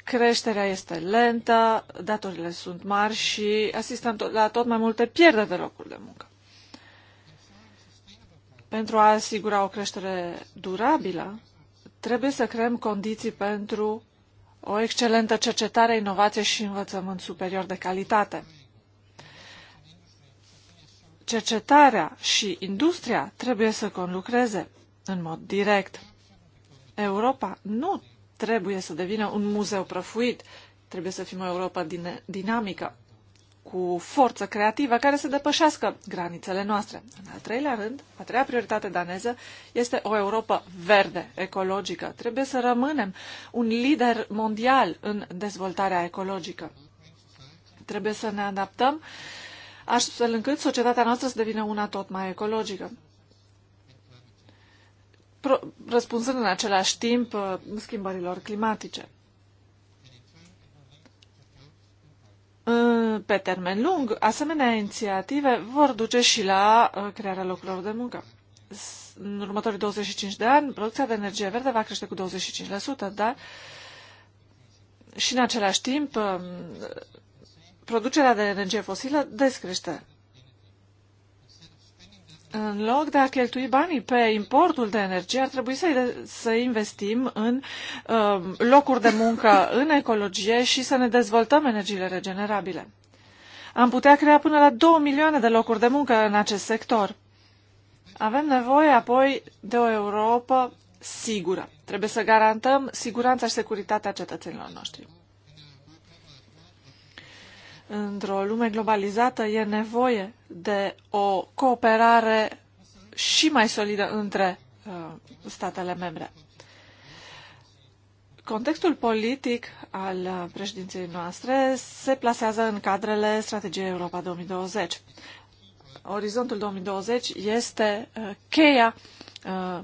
Creșterea este lentă, datorile sunt mari și asistăm la tot mai multe pierderi de locuri de muncă. Pentru a asigura o creștere durabilă, Trebuie să creăm condiții pentru o excelentă cercetare, inovație și învățământ superior de calitate. Cercetarea și industria trebuie să conlucreze în mod direct. Europa nu trebuie să devină un muzeu prăfuit, trebuie să fim o Europa din, dinamică, cu forță creativă care să depășească granițele noastre. În al treilea rând, a treia prioritate daneză este o Europa verde, ecologică. Trebuie să rămânem un lider mondial în dezvoltarea ecologică. Trebuie să ne adaptăm astfel încât societatea noastră să devină una tot mai ecologică răspunsând în același timp uh, schimbărilor climatice. pe termen lung, asemenea inițiative vor duce și la uh, crearea locurilor de muncă. În următorii 25 de ani, producția de energie verde va crește cu 25%, dar și în același timp, um, producerea de energie fosilă descrește în loc de a cheltui banii pe importul de energie, ar trebui să, să investim în uh, locuri de muncă, în ecologie și să ne dezvoltăm energiile regenerabile. Am putea crea până la 2 milioane de locuri de muncă în acest sector. Avem nevoie apoi de o Europa sigură. Trebuie să garantăm siguranța și securitatea cetățenilor noștri. Într-o lume globalizată e nevoie de o cooperare și mai solidă între uh, statele membre. Contextul politic al uh, președinției noastre se plasează în cadrele strategiei Europa 2020. Orizontul 2020 este uh, cheia uh,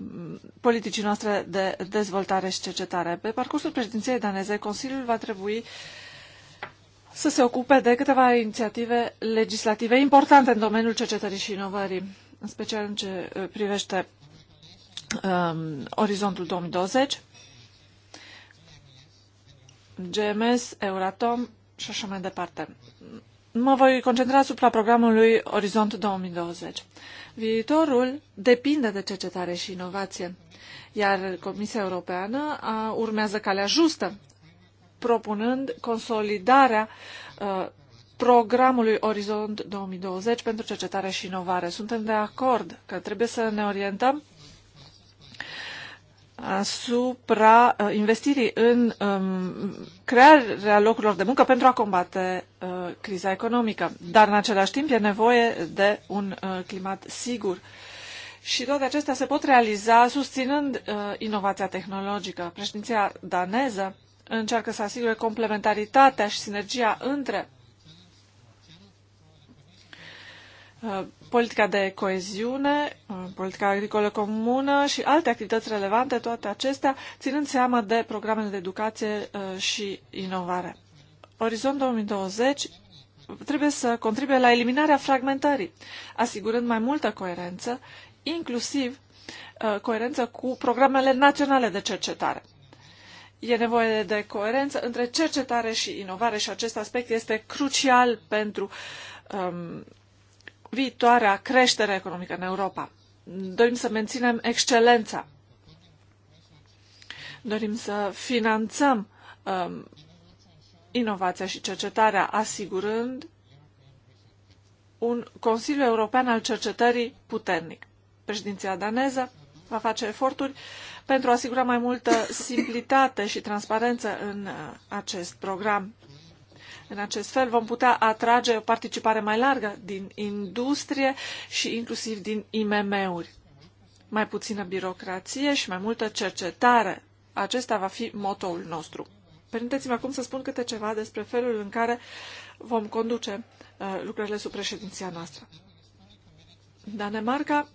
politicii noastre de dezvoltare și cercetare. Pe parcursul președinției daneze, Consiliul va trebui să se ocupe de câteva inițiative legislative importante în domeniul cercetării și inovării, în special în ce uh, privește um, orizontul 2020, GMS, Euratom și așa mai departe. Mă voi concentra asupra programului Orizont 2020. Viitorul depinde de cercetare și inovație, iar Comisia Europeană urmează calea justă propunând consolidarea uh, programului Orizont 2020 pentru cercetare și inovare. Suntem de acord că trebuie să ne orientăm asupra uh, investirii în um, crearea locurilor de muncă pentru a combate uh, criza economică. Dar, în același timp, e nevoie de un uh, climat sigur. Și toate acestea se pot realiza susținând uh, inovația tehnologică. Președinția daneză încearcă să asigure complementaritatea și sinergia între uh, politica de coeziune, uh, politica agricolă comună și alte activități relevante, toate acestea, ținând seama de programele de educație uh, și inovare. Orizont 2020 trebuie să contribuie la eliminarea fragmentării, asigurând mai multă coerență, inclusiv coerență cu programele naționale de cercetare. E nevoie de coerență între cercetare și inovare și acest aspect este crucial pentru um, viitoarea creștere economică în Europa. Dorim să menținem excelența. Dorim să finanțăm um, inovația și cercetarea, asigurând un Consiliu European al Cercetării puternic. Președinția daneză va face eforturi pentru a asigura mai multă simplitate și transparență în uh, acest program. În acest fel vom putea atrage o participare mai largă din industrie și inclusiv din IMM-uri. Mai puțină birocrație și mai multă cercetare. Acesta va fi motoul nostru. Permiteți-mi acum să spun câte ceva despre felul în care vom conduce uh, lucrările sub președinția noastră. Danemarca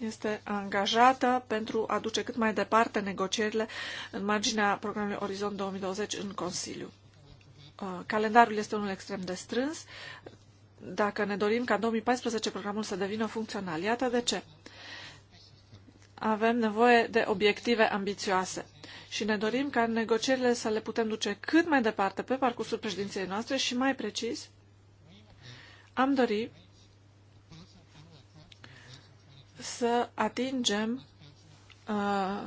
este angajată pentru a duce cât mai departe negocierile în marginea programului Orizont 2020 în Consiliu. Uh, calendarul este unul extrem de strâns. Dacă ne dorim ca 2014 programul să devină funcțional, iată de ce. Avem nevoie de obiective ambițioase și ne dorim ca negocierile să le putem duce cât mai departe pe parcursul președinției noastre și mai precis am dorit să atingem uh,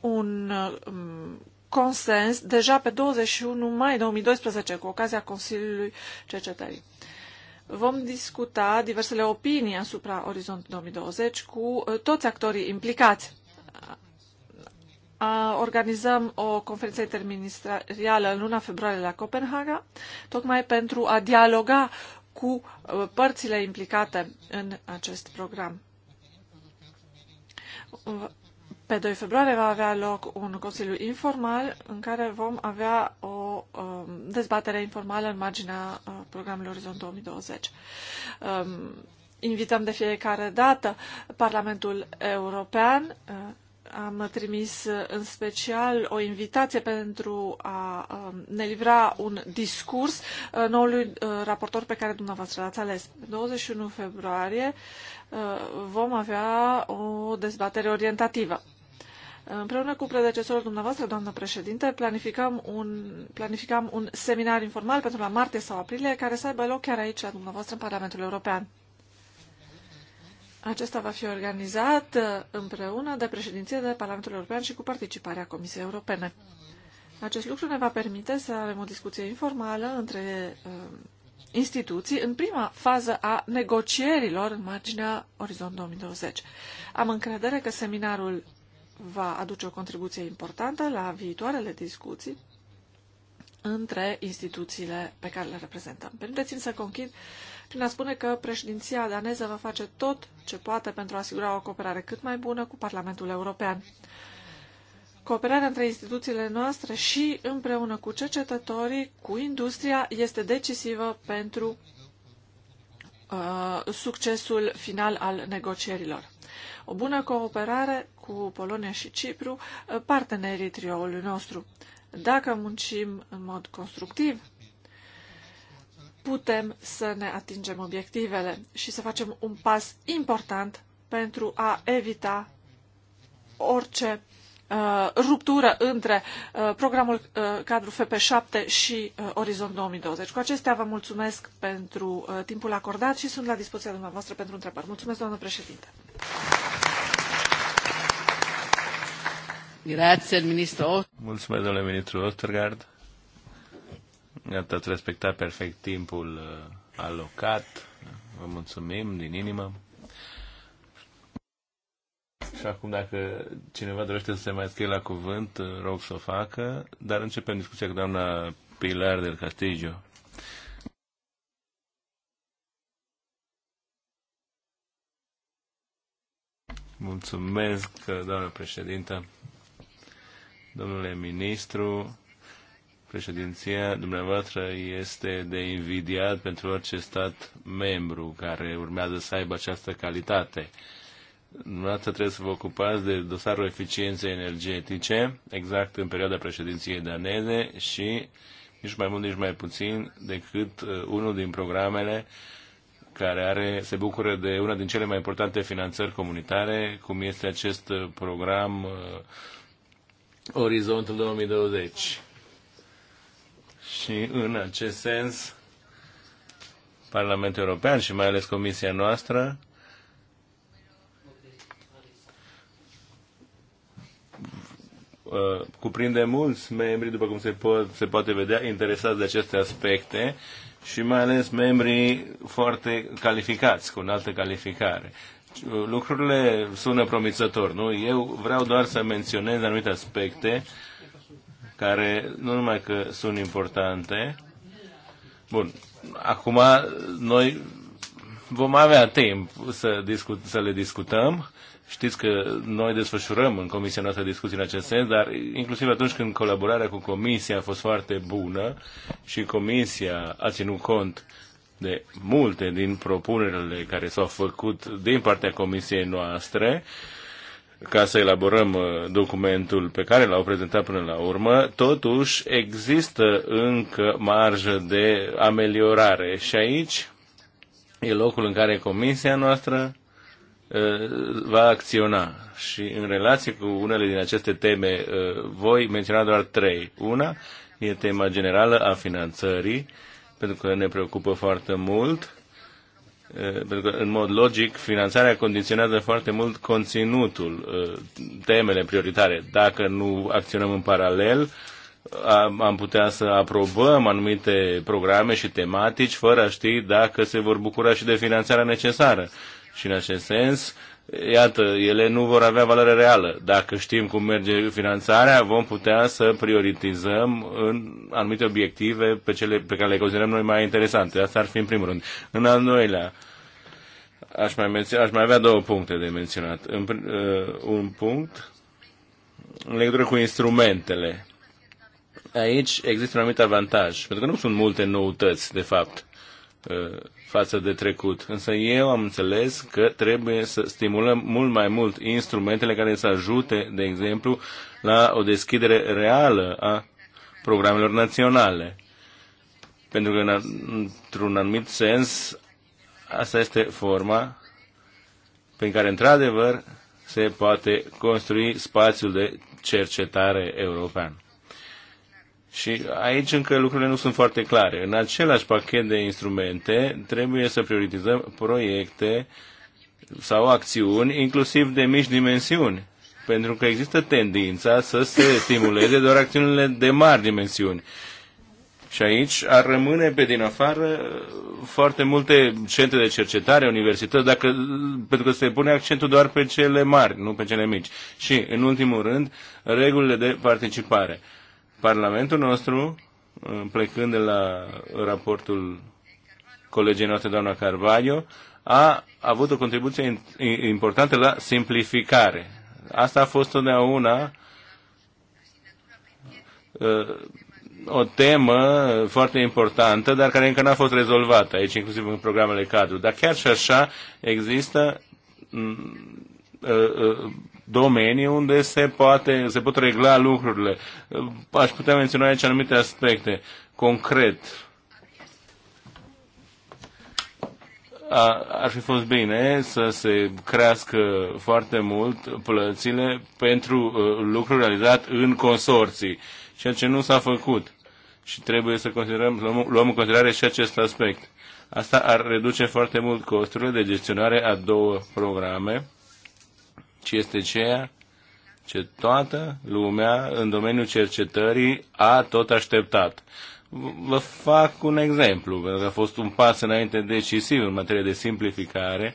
un um, consens deja pe 21 mai 2012 cu ocazia Consiliului Cercetării. Vom discuta diversele opinii asupra Orizont 2020 cu uh, toți actorii implicați. Organizăm o conferință interministerială în luna februarie la Copenhaga, tocmai pentru a dialoga cu uh, părțile implicate în acest program. Pe 2 februarie va avea loc un consiliu informal în care vom avea o um, dezbatere informală în marginea uh, programului Orizont 2020. Um, invităm de fiecare dată Parlamentul European uh, am trimis uh, în special o invitație pentru a um, ne livra un discurs uh, noului uh, raportor pe care dumneavoastră l-ați ales. 21 februarie vom avea o dezbatere orientativă. Împreună cu predecesorul dumneavoastră, doamnă președinte, planificăm un, planificam un seminar informal pentru la martie sau aprilie, care să aibă loc chiar aici, la dumneavoastră, în Parlamentul European. Acesta va fi organizat uh, împreună de președinția de Parlamentul European și cu participarea Comisiei Europene. Acest lucru ne va permite să avem o discuție informală între uh, instituții în prima fază a negocierilor în marginea Orizont 2020. Am încredere că seminarul va aduce o contribuție importantă la viitoarele discuții între instituțiile pe care le reprezentăm. Permiteți-mi să conchid uh, prin a spune că președinția daneză va face tot ce poate pentru a asigura o cooperare cât mai bună cu Parlamentul European. Cooperarea între instituțiile noastre și împreună cu cercetătorii, cu industria, este decisivă pentru uh, succesul final al negocierilor. O bună cooperare cu Polonia și Cipru, uh, partenerii trioului nostru. Dacă muncim în mod constructiv, putem să ne atingem obiectivele și să facem un pas important pentru a evita orice uh, ruptură între uh, programul uh, cadru FP7 și uh, Orizont 2020. Cu acestea vă mulțumesc pentru uh, timpul acordat și sunt la dispoziția dumneavoastră pentru întrebări. Mulțumesc, doamnă președinte! Grazie, ministru. Mulțumesc, domnule ministru Ostergaard. Iată, ați respectat perfect timpul uh, alocat. Vă mulțumim din inimă. Și acum, dacă cineva dorește să se mai scrie la cuvânt, uh, rog să o facă, dar începem discuția cu doamna Pilar del Castillo. Mulțumesc, doamnă președintă, domnule ministru, Președinția dumneavoastră este de invidiat pentru orice stat membru care urmează să aibă această calitate. Dumneavoastră trebuie să vă ocupați de dosarul eficienței energetice, exact în perioada președinției daneze și nici mai mult, nici mai puțin decât uh, unul din programele care are, se bucură de una din cele mai importante finanțări comunitare, cum este acest uh, program uh, Orizontul 2020 și în acest sens, Parlamentul European și mai ales Comisia noastră uh, cuprinde mulți membri, după cum se, po- se poate vedea, interesați de aceste aspecte și mai ales membrii foarte calificați, cu înaltă calificare. Lucrurile sună promițător, nu? Eu vreau doar să menționez anumite aspecte uh, care nu numai că sunt importante, bun, acum noi vom avea timp să, discu- să le discutăm. Știți că noi desfășurăm în comisia noastră discuții în acest sens, dar inclusiv atunci când colaborarea cu comisia a fost foarte bună și comisia a ținut cont de multe din propunerile care s-au făcut din partea comisiei noastre, uh, ca să elaborăm uh, documentul pe care l-au prezentat până la urmă, totuși există încă marjă de ameliorare și aici e locul în care comisia noastră uh, va acționa și în relație cu unele din aceste teme uh, voi menționa doar trei. Una e tema generală a finanțării, pentru că ne preocupă foarte mult Eh, pentru că, în mod logic, finanțarea condiționează foarte mult conținutul, eh, temele prioritare. Dacă nu acționăm în paralel, am putea să aprobăm anumite programe și tematici fără a ști dacă se vor bucura și de finanțarea necesară. Și în acest sens, uh, iată, ele nu vor avea valoare reală. Dacă știm cum merge finanțarea, vom putea să prioritizăm în anumite obiective pe cele pe care le considerăm noi mai interesante. Asta ar fi în primul rând. În al doilea, aș mai, aș mai avea două puncte de menționat. În, uh, un punct în legătură cu instrumentele. Aici există un anumit avantaj, pentru că nu sunt multe noutăți, de fapt Uh, față de trecut. Însă eu am înțeles că trebuie să stimulăm mult mai mult instrumentele care să ajute, de exemplu, la o deschidere reală a programelor naționale. Pentru că, într-un anumit sens, asta este forma prin care, într-adevăr, se poate construi spațiul de cercetare european. Și aici încă lucrurile nu sunt foarte clare. În același pachet de instrumente trebuie să prioritizăm proiecte sau acțiuni, inclusiv de mici dimensiuni. Pentru că există tendința să se stimuleze doar acțiunile de mari dimensiuni. Și aici ar rămâne pe din afară foarte multe centre de cercetare, universități, dacă, pentru că se pune accentul doar pe cele mari, nu pe cele mici. Și, în ultimul rând, regulile de participare. Uh, Parlamentul nostru, uh, plecând de la raportul colegii noastre, doamna Carvalho, a avut o contribuție importantă la simplificare. Asta a fost totdeauna uh, o temă foarte importantă, dar care încă n-a fost rezolvată aici, inclusiv în programele cadru. Dar chiar și așa există mm, uh, domenii unde se, poate, se pot regla lucrurile. Aș putea menționa aici anumite aspecte. Concret, a, ar fi fost bine să se crească foarte mult plățile pentru uh, lucruri realizat în consorții, ceea ce nu s-a făcut. Și trebuie să considerăm, luăm, luăm în considerare și acest aspect. Asta ar reduce foarte mult costurile de gestionare a două programe ci este ceea ce toată lumea în domeniul cercetării a tot așteptat. Vă fac un exemplu, pentru că a fost un pas înainte decisiv în materie de simplificare,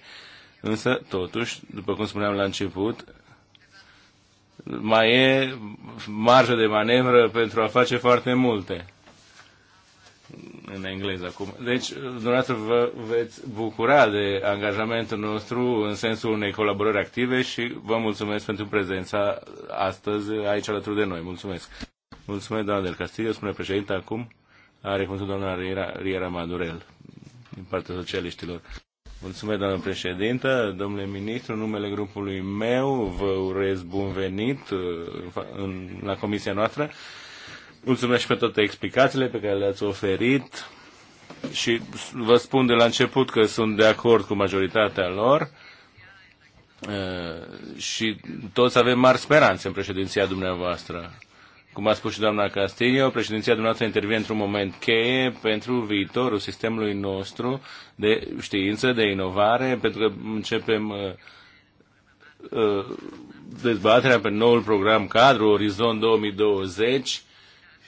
însă, totuși, după cum spuneam la început, mai e marjă de manevră pentru a face foarte multe în engleză acum. Deci, dumneavoastră vă veți bucura de angajamentul nostru în sensul unei colaborări active și vă mulțumesc pentru prezența astăzi aici alături de noi. Mulțumesc. Mulțumesc, doamna Del Castillo. Spune președinte, acum are cuvântul doamna Riera, Riera Madurel din partea socialiștilor. Mulțumesc, doamnă președintă, domnule ministru, în numele grupului meu vă urez bun venit uh, în, la comisia noastră. Mulțumesc și pe toate explicațiile pe care le-ați oferit și vă spun de la început că sunt de acord cu majoritatea lor uh, și toți avem mari speranțe în președinția dumneavoastră. Cum a spus și doamna Castillo, președinția dumneavoastră intervine într-un moment cheie pentru viitorul sistemului nostru de știință, de inovare, pentru că începem uh, uh, dezbaterea pe noul program cadru Orizont 2020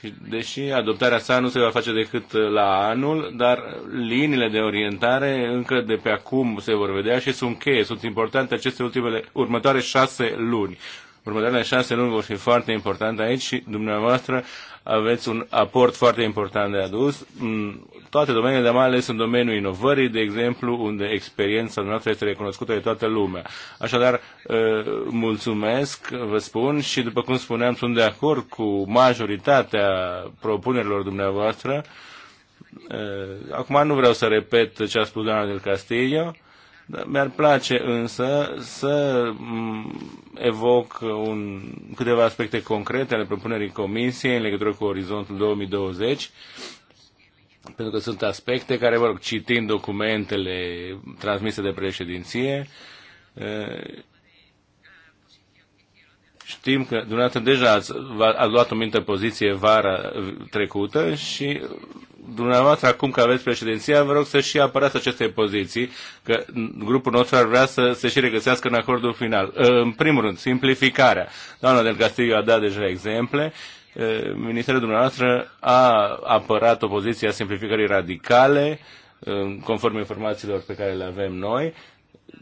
și deși adoptarea sa nu se va face decât la anul, dar liniile de orientare încă de pe acum se vor vedea și sunt cheie, sunt importante aceste ultimele, următoare șase luni. Următoarele șase luni vor fi foarte importante aici și dumneavoastră aveți un aport foarte important de adus în mm, toate domeniile, dar mai ales în domeniul inovării, de exemplu, unde experiența noastră este recunoscută de toată lumea. Așadar, mulțumesc, vă spun, și după cum spuneam, sunt de acord cu majoritatea propunerilor dumneavoastră. Acum nu vreau să repet ce a spus doamna del Castillo, da, mi-ar place însă să mm, evoc un, câteva aspecte concrete ale propunerii Comisiei în legătură cu orizontul 2020, pentru că sunt aspecte care, vă rog, citind documentele transmise de președinție, Știm că dumneavoastră deja ați, ați luat o minte poziție vara trecută și dumneavoastră, acum că aveți președinția, vă rog să și apărați aceste poziții, că grupul nostru ar vrea să se și regăsească în acordul final. În primul rând, simplificarea. Doamna del Castillo a dat deja exemple. Eh, Ministerul dumneavoastră a apărat opoziția simplificării radicale, eh, conform informațiilor pe care le avem noi.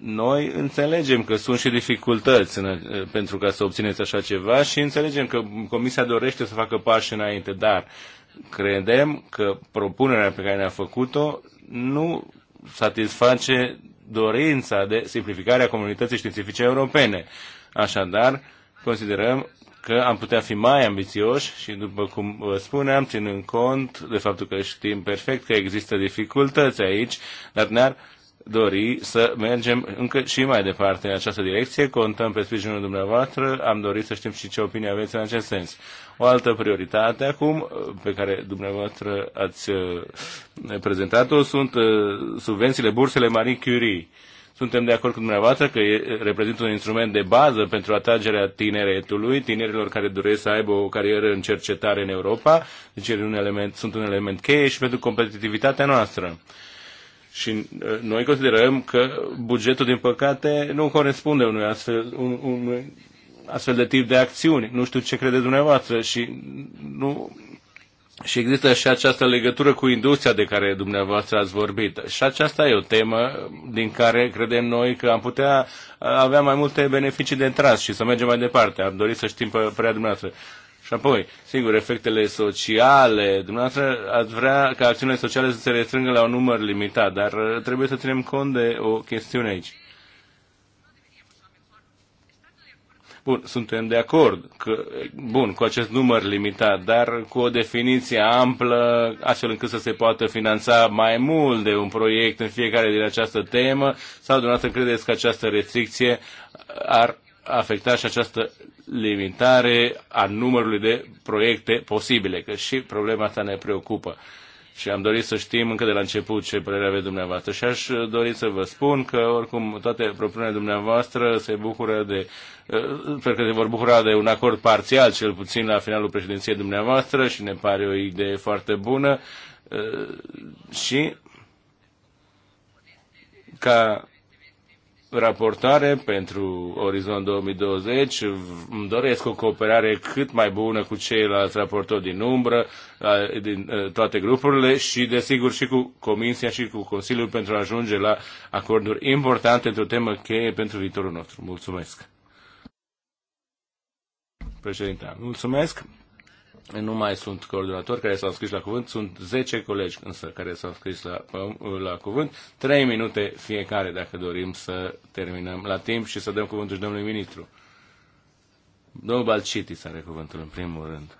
Noi înțelegem că sunt și dificultăți în, eh, pentru ca să obțineți așa ceva și înțelegem că Comisia dorește să facă pași înainte, dar uh, credem că propunerea pe care ne-a făcut-o nu satisface dorința de simplificare a comunității științifice europene. Așadar, considerăm că am putea fi mai ambițioși și, după cum vă spuneam, ținând cont de faptul că știm perfect că există dificultăți aici, dar ne-ar dori să mergem încă și mai departe în această direcție. Contăm pe sprijinul dumneavoastră. Am dorit să știm și ce opinie aveți în acest sens. O altă prioritate acum, pe care dumneavoastră ați uh, prezentat-o, sunt uh, subvențiile bursele Marie Curie. Suntem de acord cu dumneavoastră că reprezintă un instrument de bază pentru atragerea tineretului, tinerilor care doresc să aibă o carieră în cercetare în Europa, deci un element, sunt un element cheie și pentru competitivitatea noastră. Și uh, noi considerăm că bugetul, din păcate, nu corespunde unui astfel, un, un astfel de tip de acțiuni. Nu știu ce credeți dumneavoastră și nu... Și există și această legătură cu industria de care dumneavoastră ați vorbit. Și aceasta e o temă din care credem noi că am putea avea mai multe beneficii de tras și să mergem mai departe. Am dorit să știm pe prea dumneavoastră. Și apoi, sigur, efectele sociale. Dumneavoastră ați vrea ca acțiunile sociale să se restrângă la un număr limitat, dar uh, trebuie să ținem cont de o chestiune aici. Bun, suntem de acord că, bun, cu acest număr limitat, dar cu o definiție amplă, astfel încât să se poată finanța mai mult de un proiect în fiecare din această temă, sau dumneavoastră credeți că această restricție ar afecta și această limitare a numărului de proiecte posibile, că și problema asta ne preocupă. Și am dorit să știm încă de la început ce părere aveți dumneavoastră. Și aș uh, dori să vă spun că, oricum, toate propunerile dumneavoastră se bucură de, uh, sper că se vor bucura de un acord parțial, cel puțin la finalul președinției dumneavoastră și ne pare o idee foarte bună. Uh, și ca raportare pentru Orizont 2020. Îmi doresc o cooperare cât mai bună cu ceilalți raportori din umbră, din toate grupurile și, desigur, și cu Comisia și cu Consiliul pentru a ajunge la acorduri importante într-o temă cheie pentru viitorul nostru. Mulțumesc! Președinte, mulțumesc! nu mai sunt coordonatori care s-au scris la cuvânt, sunt 10 colegi însă care s-au scris la, la cuvânt, 3 minute fiecare dacă dorim să terminăm la timp și să dăm cuvântul și domnului ministru. Domnul Balciti să are cuvântul în primul rând.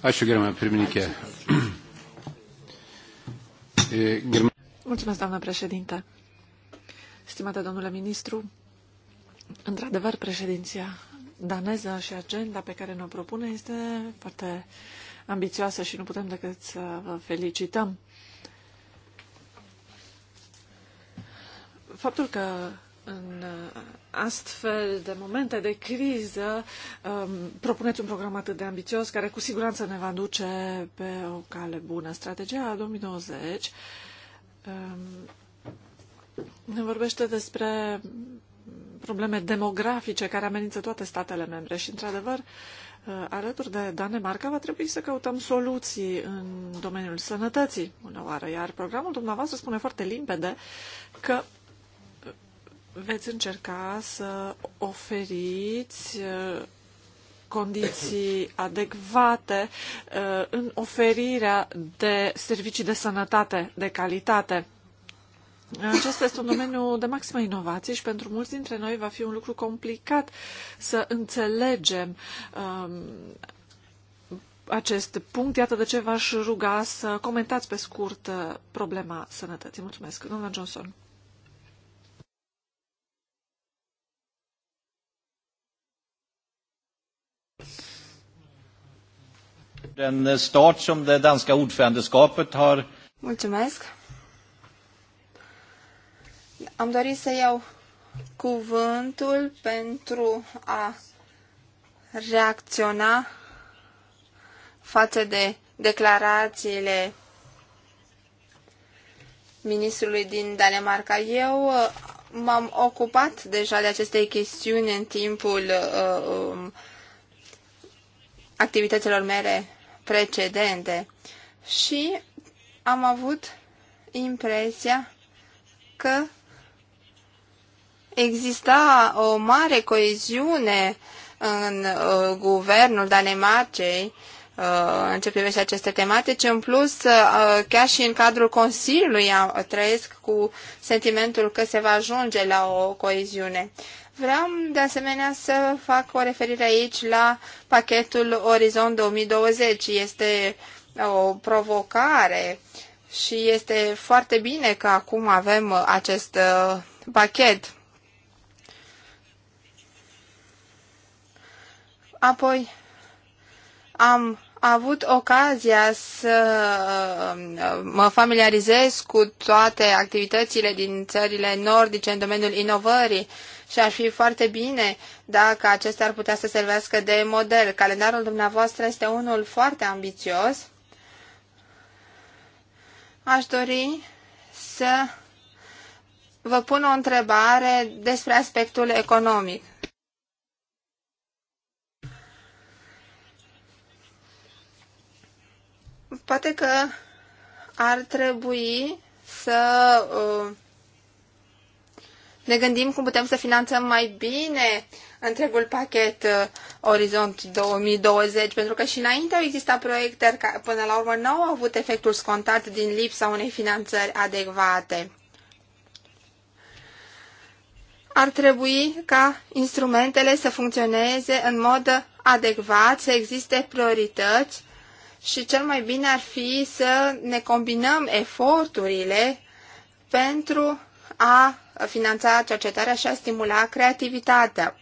Așa, gerbiamą pirmininkę. Mulțumesc, doamnă președinte. Stimate domnule ministru, Într-adevăr, președinția daneză și agenda pe care ne-o propune este foarte ambițioasă și nu putem decât să vă felicităm. Faptul că în astfel de momente de criză um, propuneți un program atât de ambițios care cu siguranță ne va duce pe o cale bună. Strategia 2020 um, ne vorbește despre probleme demografice care amenință toate statele membre și, într-adevăr, uh, alături de Danemarca va trebui să căutăm soluții în domeniul sănătății uneoară, iar programul dumneavoastră spune foarte limpede că uh, veți încerca să oferiți uh, condiții adecvate în oferirea de servicii de sănătate de calitate acesta este un domeniu de maximă inovație și pentru mulți dintre noi va fi un lucru complicat să înțelegem um, acest punct. Iată de ce v-aș ruga să comentați pe scurt uh, problema sănătății. Mulțumesc, domnul Johnson. Den start som det danska ordförandeskapet har... Mulțumesc. Am dorit să iau cuvântul pentru a reacționa față de declarațiile ministrului din Danemarca. Eu uh, m-am ocupat deja de aceste chestiuni în timpul uh, um, activităților mele precedente și am avut impresia că exista o mare coeziune în uh, guvernul Danemarcei uh, în ce privește aceste tematici. În plus, uh, chiar și în cadrul Consiliului uh, trăiesc cu sentimentul că se va ajunge la o coeziune. Vreau de asemenea să fac o referire aici la pachetul Orizont 2020. Este uh, o provocare și este foarte bine că acum avem uh, acest pachet. Apoi am avut ocazia să uh, mă familiarizez cu toate activitățile din țările nordice în domeniul inovării și ar fi foarte bine dacă acestea ar putea să servească de model. Calendarul dumneavoastră este unul foarte ambițios. Aș dori să vă pun o întrebare despre aspectul economic. Poate că ar trebui să uh, ne gândim cum putem să finanțăm mai bine întregul pachet uh, Orizont 2020, pentru că și înainte au existat proiecte care până la urmă nu au avut efectul scontat din lipsa unei finanțări adecvate. Ar trebui ca instrumentele să funcționeze în mod adecvat, să existe priorități și cel mai bine ar fi să ne combinăm eforturile pentru a finanța cercetarea și a stimula creativitatea.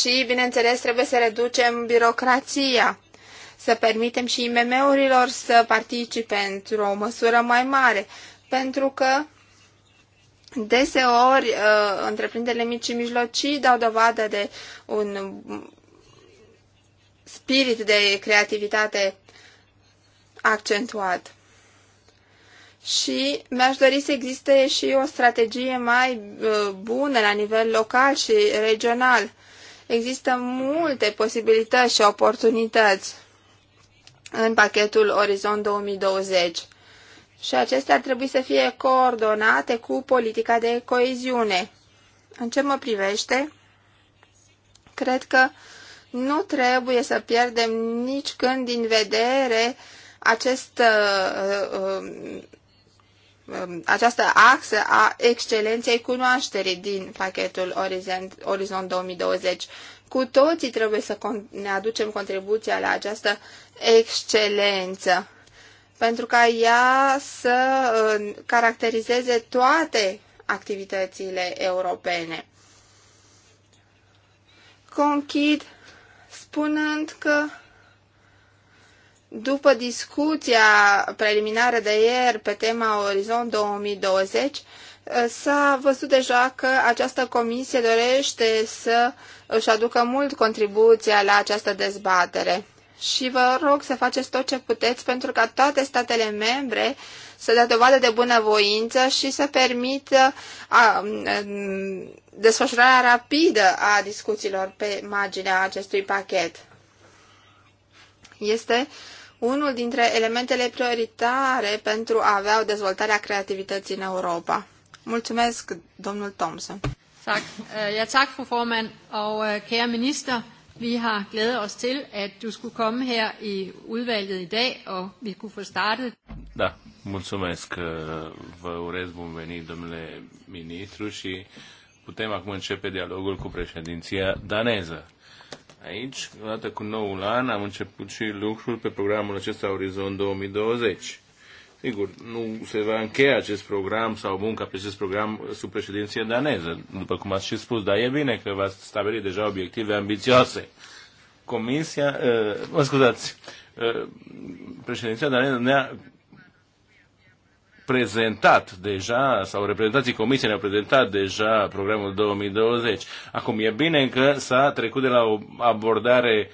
Și, bineînțeles, trebuie să reducem birocrația, să permitem și IMM-urilor să participe într-o măsură mai mare, pentru că deseori uh, întreprinderile mici și mijlocii dau dovadă de un spirit de creativitate accentuat. Și mi-aș dori să existe și o strategie mai uh, bună la nivel local și regional. Există multe posibilități și oportunități în pachetul Orizont 2020 și acestea ar trebui să fie coordonate cu politica de coeziune. În ce mă privește, cred că nu trebuie să pierdem nici când din vedere acest, uh, uh, um, um, această axă a excelenței cunoașterii din pachetul Orizont, Orizont 2020. Cu toții trebuie să ne aducem contribuția la această excelență, pentru ca ea să uh, caracterizeze toate activitățile europene. Conchid spunând că după discuția preliminară de ieri pe tema Orizont 2020, s-a văzut deja că această comisie dorește să își aducă mult contribuția la această dezbatere. Și vă rog să faceți tot ce puteți pentru ca toate statele membre să dea dovadă de bunăvoință și să permită a, a, desfășurarea rapidă a discuțiilor pe marginea acestui pachet. Este unul dintre elementele prioritare pentru a avea o dezvoltare a creativității în Europa. Mulțumesc, domnul Thompson. Tak. Øh, ja, tak, fru formand, og øh, kære minister. Vi har glædet os til, at du skulle komme her i udvalget i dag, og vi kunne få startet. Da, Mulțumesc. Uh, vă urez bun venit, domnule ministru, și putem acum începe dialogul cu președinția daneză. Aici, odată cu noul an, am început și lucrul pe programul acesta Orizont 2020. Sigur, nu se va încheia acest program sau munca pe acest program sub președinție daneză, după cum ați și spus, dar e bine că v-ați stabilit deja obiective ambițioase. Comisia, uh, mă scuzați, uh, președinția daneză ne-a prezentat deja, sau reprezentanții Comisiei ne-au prezentat deja programul 2020. Acum, e bine că s-a trecut de la o abordare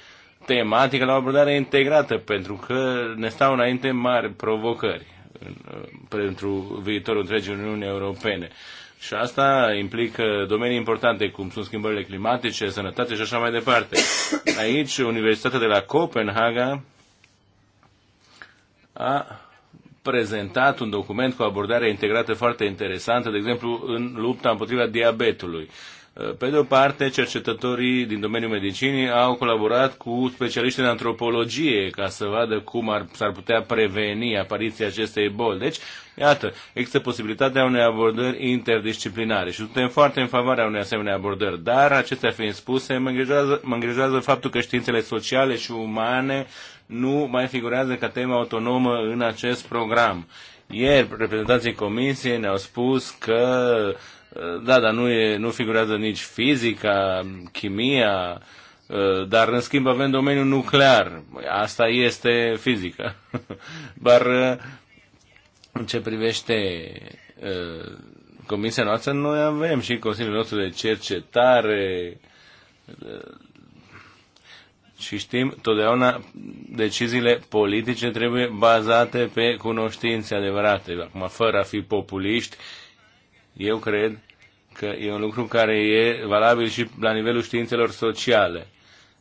tematică la o abordare integrată, pentru că ne stau înainte mari provocări pentru viitorul întregii Uniunii Europene. Și asta implică domenii importante, cum sunt schimbările climatice, sănătate și așa mai departe. Aici, Universitatea de la Copenhaga a prezentat un document cu o abordare integrată foarte interesantă, de exemplu, în lupta împotriva diabetului. Pe de o parte, cercetătorii din domeniul medicinii au colaborat cu specialiști în antropologie ca să vadă cum ar, s-ar putea preveni apariția acestei boli. Deci, iată, există posibilitatea unei abordări interdisciplinare și suntem foarte în favoarea unei asemenea abordări. Dar, acestea fiind spuse, mă îngrijează, mă îngrijorează faptul că științele sociale și umane nu mai figurează ca temă autonomă în acest program. Ieri, reprezentanții Comisiei ne-au spus că, da, dar nu, e, nu figurează nici fizica, chimia, dar în schimb avem domeniul nuclear. Asta este fizică. Dar în ce privește uh, comisia noastră, noi avem și Consiliul nostru de cercetare, uh, și știm, totdeauna deciziile politice trebuie bazate pe cunoștințe adevărate. Acum, fără a fi populiști, eu cred că e un lucru care e valabil și la nivelul științelor sociale.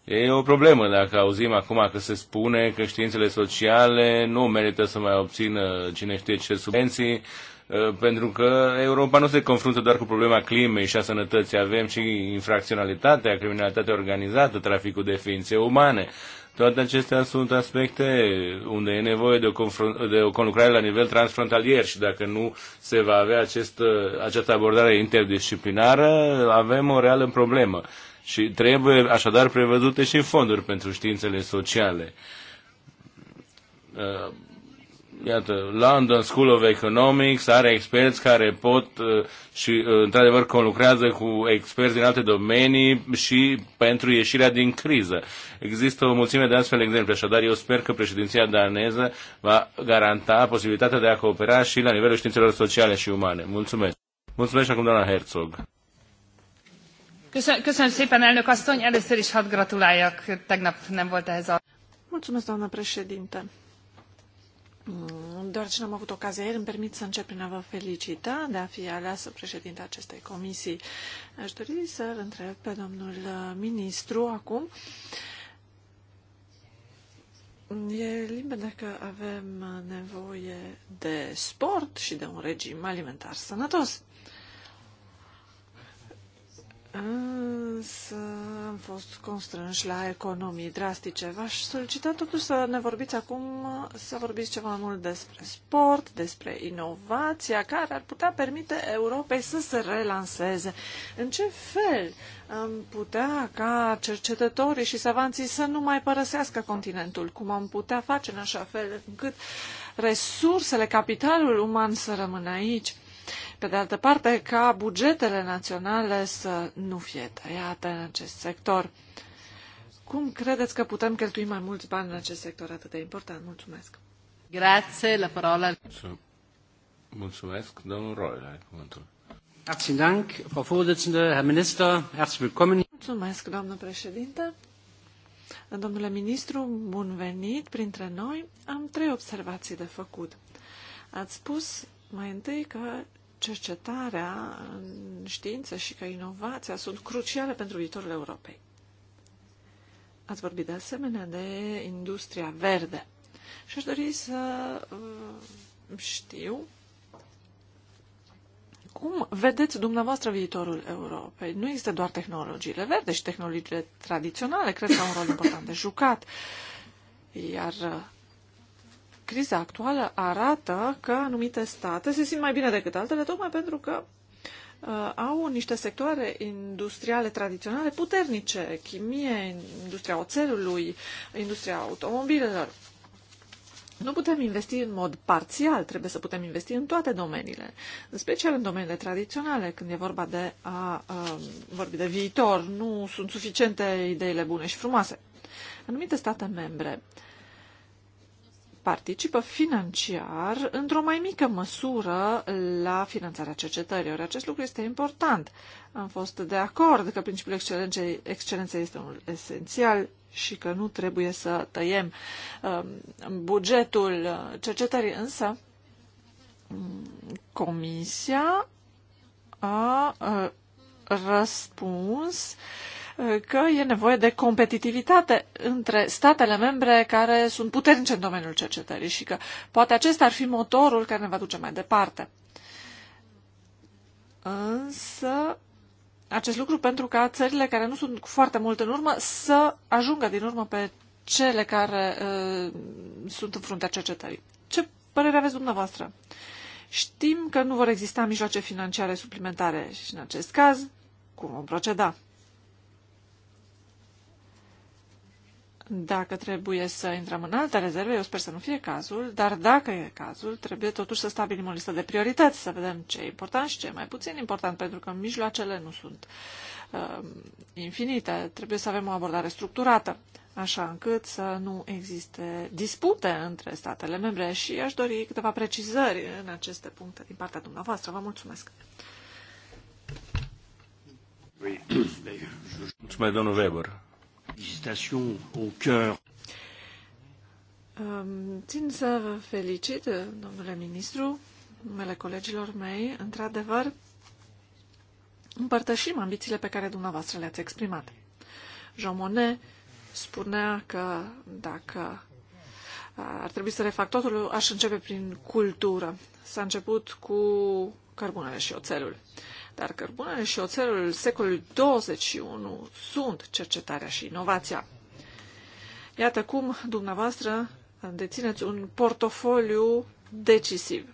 E o problemă dacă auzim acum că se spune că științele sociale nu merită să mai obțină cine știe ce subvenții, Uh, pentru că Europa nu se confruntă doar cu problema climei și a sănătății, avem și infracționalitatea, criminalitatea organizată, traficul de ființe umane. Toate acestea sunt aspecte unde e nevoie de o, de o conlucrare la nivel transfrontalier și dacă nu se va avea acest, uh, această abordare interdisciplinară, avem o reală problemă. Și trebuie așadar prevăzute și fonduri pentru științele sociale uh, iată, London School of Economics are experți care pot uh, și, uh, într-adevăr, conlucrează cu experți din alte domenii și pentru ieșirea din criză. Există o mulțime de astfel de exemple, așadar eu sper că președinția daneză va garanta posibilitatea de a coopera și la nivelul științelor sociale și umane. Mulțumesc! Mulțumesc acum doamna Herzog! Köszönöm szépen, elnök asszony! Először is hadd gratuláljak, tegnap nem volt ehhez a... Mulțumesc, doamnă președinte! Mm, Doar ce n-am avut ocazia ieri, îmi permit să încep prin a vă felicita de a fi aleasă președinte acestei comisii. Aș dori să-l întreb pe domnul uh, ministru acum. E limpede că avem nevoie de sport și de un regim alimentar sănătos. Însă am fost constrânși la economii drastice. V-aș solicita totuși să ne vorbiți acum, să vorbiți ceva mai mult despre sport, despre inovația care ar putea permite Europei să se relanseze. În ce fel am putea ca cercetătorii și savanții să nu mai părăsească continentul? Cum am putea face în așa fel încât resursele, capitalul uman să rămână aici? pe de altă parte, ca bugetele naționale să nu fie tăiate în acest sector. Cum credeți că putem cheltui mai mulți bani în acest sector atât de important? Mulțumesc! Grazie, la parola. Mulțumesc, domnul Royle, cuvântul. Herzlichen Dank, Frau Vorsitzende, Herr Minister, herzlich willkommen. Mulțumesc, doamnă președinte. Domnule ministru, bun venit printre noi. Am trei observații de făcut. Ați spus mai întâi că cercetarea în știință și ca inovația sunt cruciale pentru viitorul Europei. Ați vorbit de asemenea de industria verde și aș dori să uh, știu cum vedeți dumneavoastră viitorul Europei? Nu există doar tehnologiile verde și tehnologiile tradiționale, cred că au un rol important de jucat. Iar uh, criza actuală arată că anumite state se simt mai bine decât altele, tocmai pentru că uh, au niște sectoare industriale tradiționale puternice, chimie, industria oțelului, industria automobilelor. Nu putem investi în mod parțial, trebuie să putem investi în toate domeniile, în special în domeniile tradiționale, când e vorba de a, a um, vorbi de viitor, nu sunt suficiente ideile bune și frumoase. Anumite state membre uh, participă financiar într-o mai mică măsură la finanțarea cercetării. Ori acest lucru este important. Am fost de acord că principiul excelenței, excelenței este unul esențial și că nu trebuie să tăiem um, uh, bugetul cercetării, însă um, Comisia a uh, răspuns uh, că e nevoie de competitivitate între statele membre care sunt puternice în domeniul cercetării și că poate acesta ar fi motorul care ne va duce mai departe. Însă, acest lucru pentru ca țările care nu sunt foarte mult în urmă să ajungă din urmă pe cele care uh, sunt în fruntea cercetării. Ce părere aveți dumneavoastră? Știm că nu vor exista mijloace financiare suplimentare și în acest caz, cum vom proceda? Dacă trebuie să intrăm în alte rezerve, eu sper să nu fie cazul, dar dacă e cazul, trebuie totuși să stabilim o listă de priorități, să vedem ce e important și ce e mai puțin important, pentru că mijloacele nu sunt uh, infinite. Trebuie să avem o abordare structurată, așa încât să nu existe dispute între statele membre și aș dori câteva precizări în aceste puncte din partea dumneavoastră. Vă mulțumesc! Mulțumesc, domnul Weber au cœur. Țin să vă felicit, domnule ministru, numele colegilor mei. Într-adevăr, împărtășim ambițiile pe care dumneavoastră le-ați exprimat. Jean Monnet spunea că dacă ar trebui să refac totul, aș începe prin cultură. S-a început cu cărbunele și oțelul. Uh, dar cărbunele și oțelul secolului 21 sunt cercetarea și inovația. Iată cum dumneavoastră dețineți un portofoliu decisiv.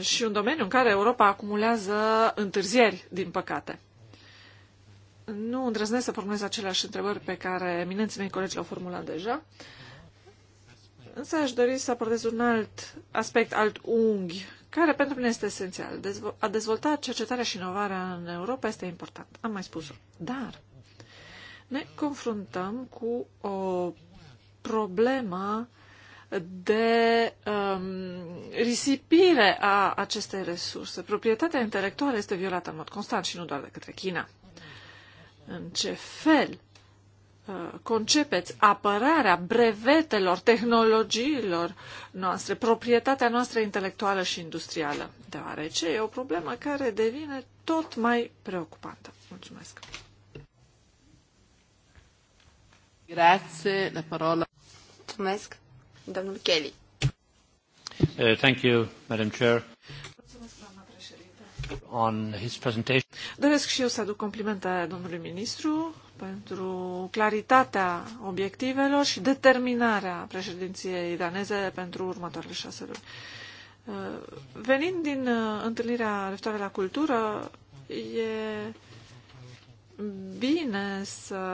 și un domeniu în care Europa acumulează întârzieri, din păcate. Nu îndrăznesc să formulez aceleași întrebări pe care eminenții mei colegi le-au formulat deja, însă aș dori să abordez un alt aspect, alt unghi care pentru mine este esențial. Dezvo- a dezvolta cercetarea și inovarea în Europa este important, am mai spus-o. Dar ne confruntăm cu o problemă de um, risipire a acestei resurse. Proprietatea intelectuală este violată în mod constant și nu doar de către China. În ce fel concepeți apărarea brevetelor, tehnologiilor noastre, proprietatea noastră intelectuală și industrială, deoarece e o problemă care devine tot mai preocupantă. Mulțumesc! Grazie, la parola. Mulțumesc, domnul Kelly. Uh, thank you, Madam Chair. On his presentation. Doresc și eu să aduc complimente domnului ministru pentru claritatea obiectivelor și determinarea președinției daneze pentru următoarele șase luni. Uh, venind din uh, întâlnirea referitoare la cultură, e bine să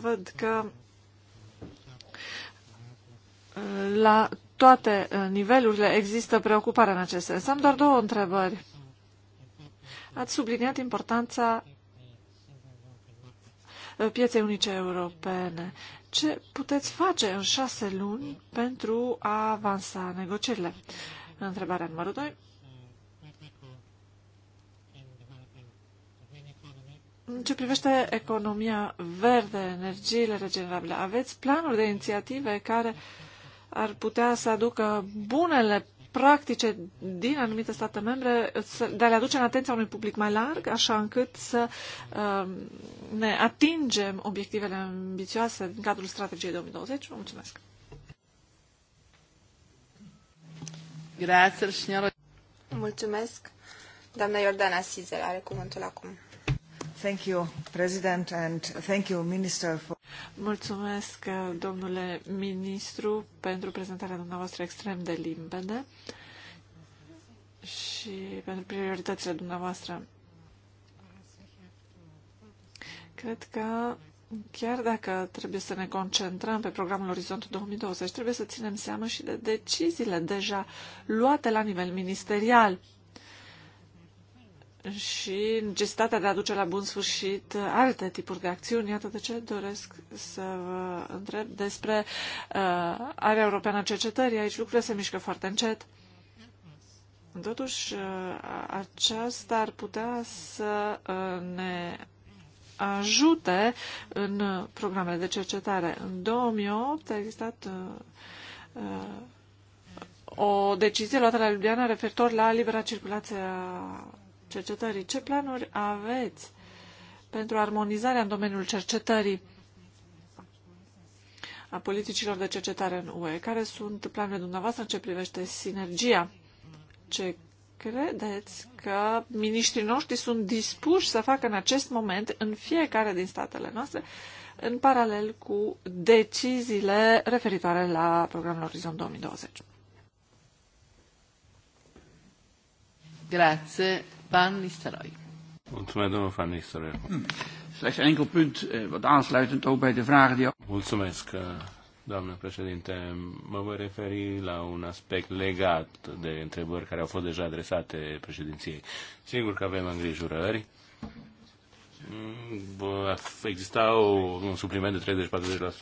văd că uh, la toate nivelurile există preocupare în acest sens. Am doar două întrebări. Ați subliniat importanța Uh, pieței unice europene. Ce puteți face în șase luni pentru a avansa negocierile? Întrebarea numărul 2. În ce privește economia verde, energiile regenerabile, aveți planuri de inițiative care ar putea să aducă bunele practice din anumite state membre, de a le aduce în atenția unui public mai larg, așa încât să um, ne atingem obiectivele ambițioase din cadrul strategiei 2020. Vă mulțumesc! Mulțumesc. Doamna Iordana Sizel are cuvântul acum. Thank you, President, and thank you, Minister, for... Mulțumesc, uh, domnule ministru, pentru prezentarea dumneavoastră extrem de limpede și pentru prioritățile dumneavoastră. Cred că chiar dacă trebuie să ne concentrăm pe programul Orizont 2020, trebuie să ținem seama și de deciziile deja luate la nivel ministerial și necesitatea de a duce la bun sfârșit alte tipuri de acțiuni. Iată de ce doresc să vă întreb despre uh, area europeană a cercetării. Aici lucrurile se mișcă foarte încet. Totuși, uh, aceasta ar putea să uh, ne ajute în programele de cercetare. În 2008 a existat uh, uh, o decizie luată la Ljubljana referitor la libera circulație a cercetării. Ce planuri aveți pentru armonizarea în domeniul cercetării a politicilor de cercetare în UE? Care sunt planurile dumneavoastră în ce privește sinergia? Ce credeți că miniștrii noștri sunt dispuși să facă în acest moment în fiecare din statele noastre în paralel cu deciziile referitoare la programul Orizont 2020? Grazie. Van Nistelrooy. Mulțumesc, domnul Van Nistelrooy. Hmm. Slechts enkel punt, eh, wat aansluitend ook bij de vragen die... Mulțumesc, eh, doamnă președinte. Mă voi referi la un aspect legat de întrebări care au fost deja adresate președinției. Sigur că avem îngrijorări. Exista o, un supliment de 30-40%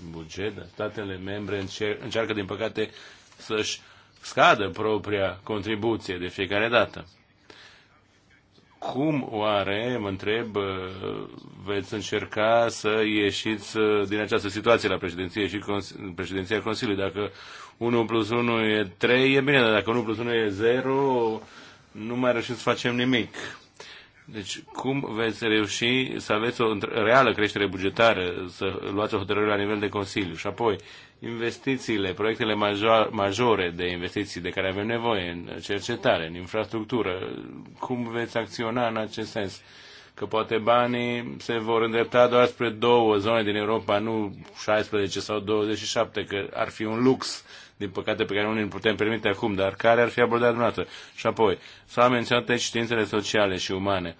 în buget. Statele membre încer- încearcă, din păcate, să-și scadă propria contribuție de fiecare dată. Cum oare, mă întreb, uh, veți încerca să ieșiți uh, din această situație la președinție și cons- președinția Consiliului? Dacă 1 plus 1 e 3, e bine, dar dacă 1 plus 1 e 0, nu mai reușim să facem nimic. Deci cum veți reuși să aveți o reală creștere bugetară, să luați o hotărâre la nivel de Consiliu? Și apoi, investițiile, proiectele majore de investiții de care avem nevoie în cercetare, în infrastructură, cum veți acționa în acest sens? Că poate banii se vor îndrepta doar spre două zone din Europa, nu 16 sau 27, că ar fi un lux, din păcate, pe care nu ne putem permite acum, dar care ar fi abordat dumneavoastră? Și apoi, s-au menționat științele sociale și umane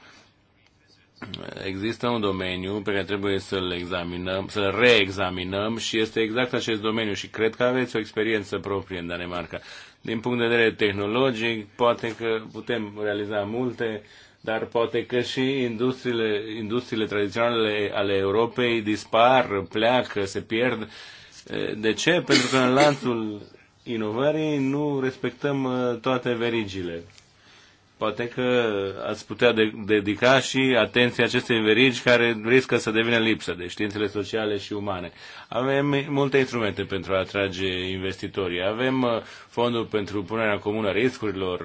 există un domeniu pe care trebuie să-l examinăm, să-l reexaminăm și este exact acest domeniu și cred că aveți o experiență proprie în Danemarca. Din punct de vedere tehnologic, poate că putem realiza multe, dar poate că și industriile, industriile tradiționale ale Europei dispar, pleacă, se pierd. De ce? Pentru că în lanțul inovării nu respectăm uh, toate verigile. Poate că ați putea de- dedica și atenție acestei verigi care riscă să devină lipsă de științele sociale și umane. Avem multe instrumente pentru a atrage investitorii. Avem uh, fondul pentru punerea comună a riscurilor,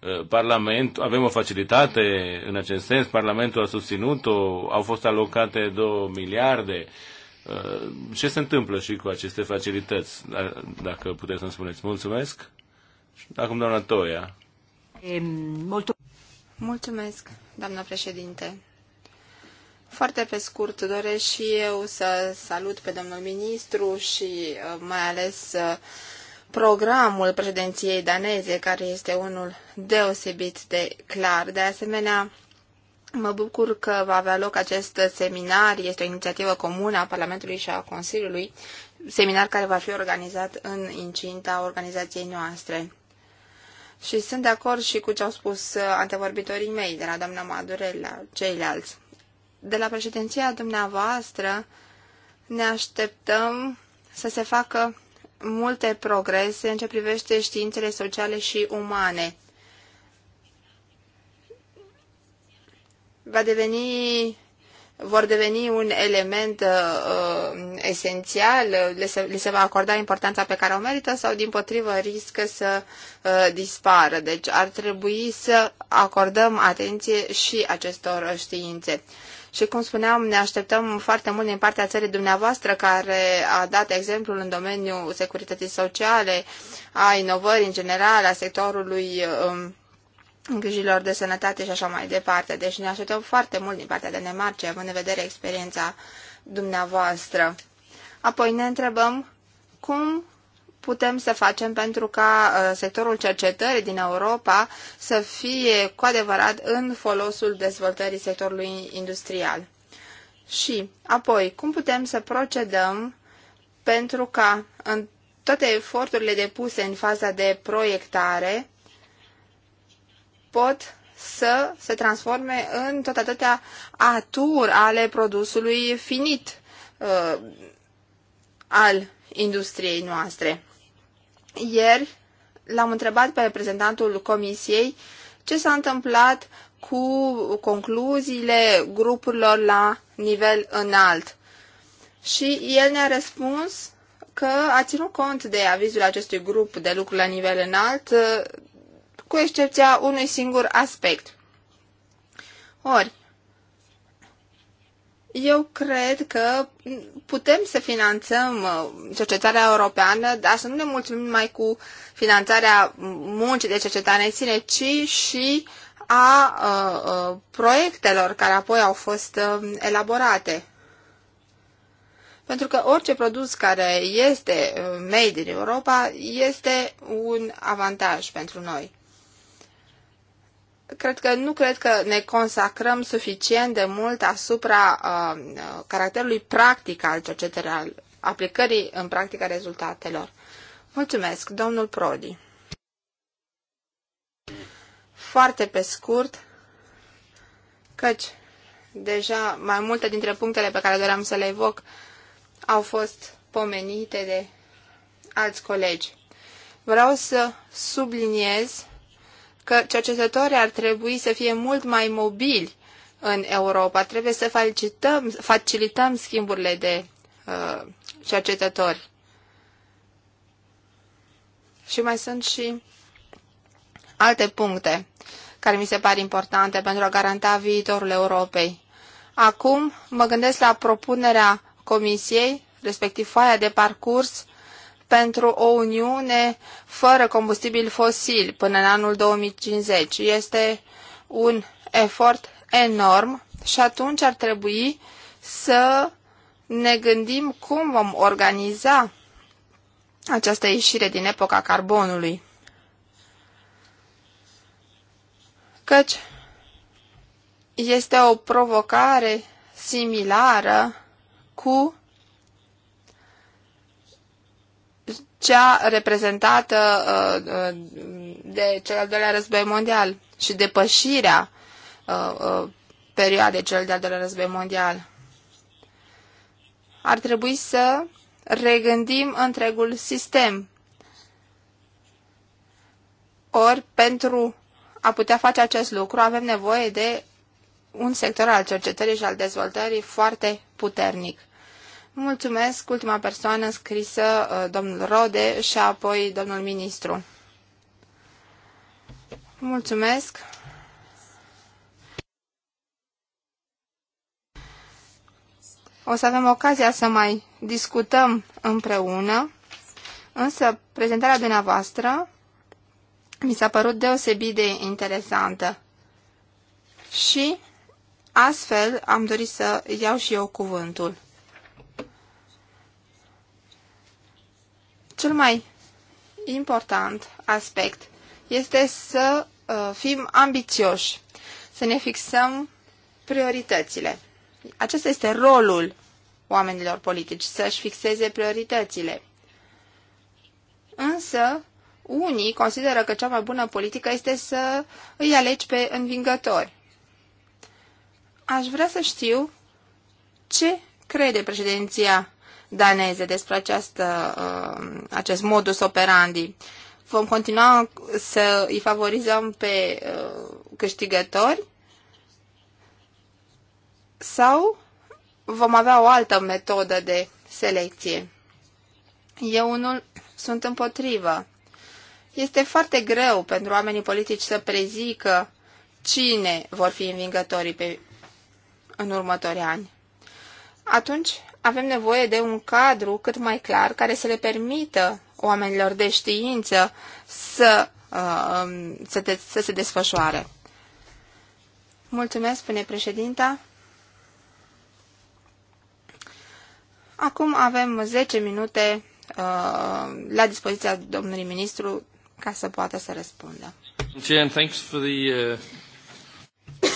uh, Parlament, avem o facilitate în acest sens, Parlamentul a susținut-o, au fost alocate 2 miliarde. Uh, ce se întâmplă și cu aceste facilități, da, dacă puteți să-mi spuneți? Mulțumesc. Acum doamna Toia. Mulțumesc, doamnă președinte. Foarte pe scurt doresc și eu să salut pe domnul ministru și uh, mai ales uh, programul președinției daneze, care este unul deosebit de clar. De asemenea, mă bucur că va avea loc acest seminar, este o inițiativă comună a Parlamentului și a Consiliului, seminar care va fi organizat în incinta organizației noastre. Și sunt de acord și cu ce au spus uh, antevorbitorii mei, de la doamna Madure la ceilalți. De la președinția dumneavoastră ne așteptăm să se facă multe progrese în ce privește științele sociale și umane. Va deveni vor deveni un element uh, uh esențial, uh, le se, le se va acorda importanța pe care o merită sau din potrivă riscă să uh, dispară. Deci ar trebui să acordăm atenție și acestor științe. Și cum spuneam, ne așteptăm foarte mult din partea țării dumneavoastră care a dat exemplul în domeniul securității sociale, a inovării în general, a sectorului uh, îngrijilor de sănătate și așa mai departe. Deci ne așteptăm foarte mult din partea nemarce, având în vedere experiența dumneavoastră. Apoi ne întrebăm cum putem să facem pentru ca uh, sectorul cercetării din Europa să fie cu adevărat în folosul dezvoltării sectorului industrial. Și apoi, cum putem să procedăm pentru ca în toate eforturile depuse în faza de proiectare pot să se transforme în tot atâtea aturi ale produsului finit uh, al industriei noastre. Ieri l-am întrebat pe reprezentantul comisiei ce s-a întâmplat cu concluziile grupurilor la nivel înalt. Și el ne-a răspuns că a ținut cont de avizul acestui grup de lucru la nivel înalt cu excepția unui singur aspect. Ori, eu cred că putem să finanțăm uh, cercetarea europeană, dar să nu ne mulțumim numai cu finanțarea muncii de cercetare în sine, ci și a, a, uh, a uh, proiectelor care apoi au fost a, elaborate. Pentru că orice produs care este made in Europa este un avantaj pentru noi cred că nu cred că ne consacrăm suficient de mult asupra uh, caracterului practic al cercetării, al aplicării în practica rezultatelor. Mulțumesc, domnul Prodi. Foarte pe scurt, căci deja mai multe dintre punctele pe care doream să le evoc au fost pomenite de alți colegi. Vreau să subliniez că cercetătorii ar trebui să fie mult mai mobili în Europa. Trebuie să facilităm, facilităm schimburile de uh, cercetători. Și mai sunt și alte puncte care mi se par importante pentru a garanta viitorul Europei. Acum mă gândesc la propunerea Comisiei, respectiv foaia de parcurs pentru o Uniune fără combustibili fosili până în anul 2050. Este un efort enorm și atunci ar trebui să ne gândim cum vom organiza această ieșire din epoca carbonului. Căci este o provocare similară cu cea reprezentată uh, uh, de cel al doilea război mondial și depășirea uh, perioadei cel de-al doilea război mondial. Ar trebui să regândim întregul sistem. Ori, pentru a putea face acest lucru, avem nevoie de un sector al cercetării și al dezvoltării foarte puternic. Mulțumesc, ultima persoană scrisă, uh, domnul Rode și apoi domnul ministru. Mulțumesc. O să avem ocazia să mai discutăm împreună, însă prezentarea dumneavoastră mi s-a părut deosebit de interesantă și astfel am dorit să iau și eu cuvântul. Cel mai important aspect este să uh, fim ambițioși, să ne fixăm prioritățile. Acesta este rolul oamenilor politici, să-și fixeze prioritățile. Însă, unii consideră că cea mai bună politică este să îi alegi pe învingători. Aș vrea să știu ce crede președinția daneze despre această, uh, acest modus operandi. Vom continua să îi favorizăm pe uh, câștigători sau vom avea o altă metodă de selecție. Eu unul sunt împotrivă. Este foarte greu pentru oamenii politici să prezică cine vor fi învingătorii pe, în următorii ani. Atunci avem nevoie de un cadru cât mai clar care să le permită oamenilor de știință să, uh, să, de, să se desfășoare. Mulțumesc, spune președinta. Acum avem 10 minute uh, la dispoziția domnului ministru ca să poată să răspundă.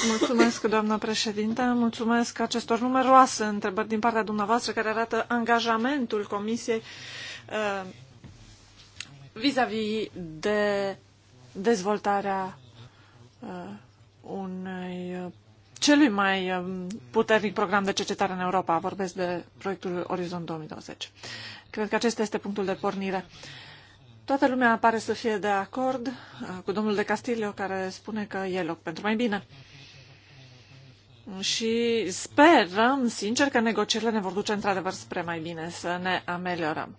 Mulțumesc, doamnă președinte, mulțumesc acestor numeroase întrebări din partea dumneavoastră care arată angajamentul Comisiei uh, vis-a-vis uh, -vis de dezvoltarea uh, unei uh, celui mai uh, puternic program de cercetare în Europa. Vorbesc de proiectul Orizont 2020. Cred că acesta este punctul de pornire. Toată lumea pare să fie de acord cu domnul de Castillo, care spune că e loc pentru mai bine și sperăm, sincer, că negocierile ne vor duce într-adevăr spre mai bine, să ne ameliorăm.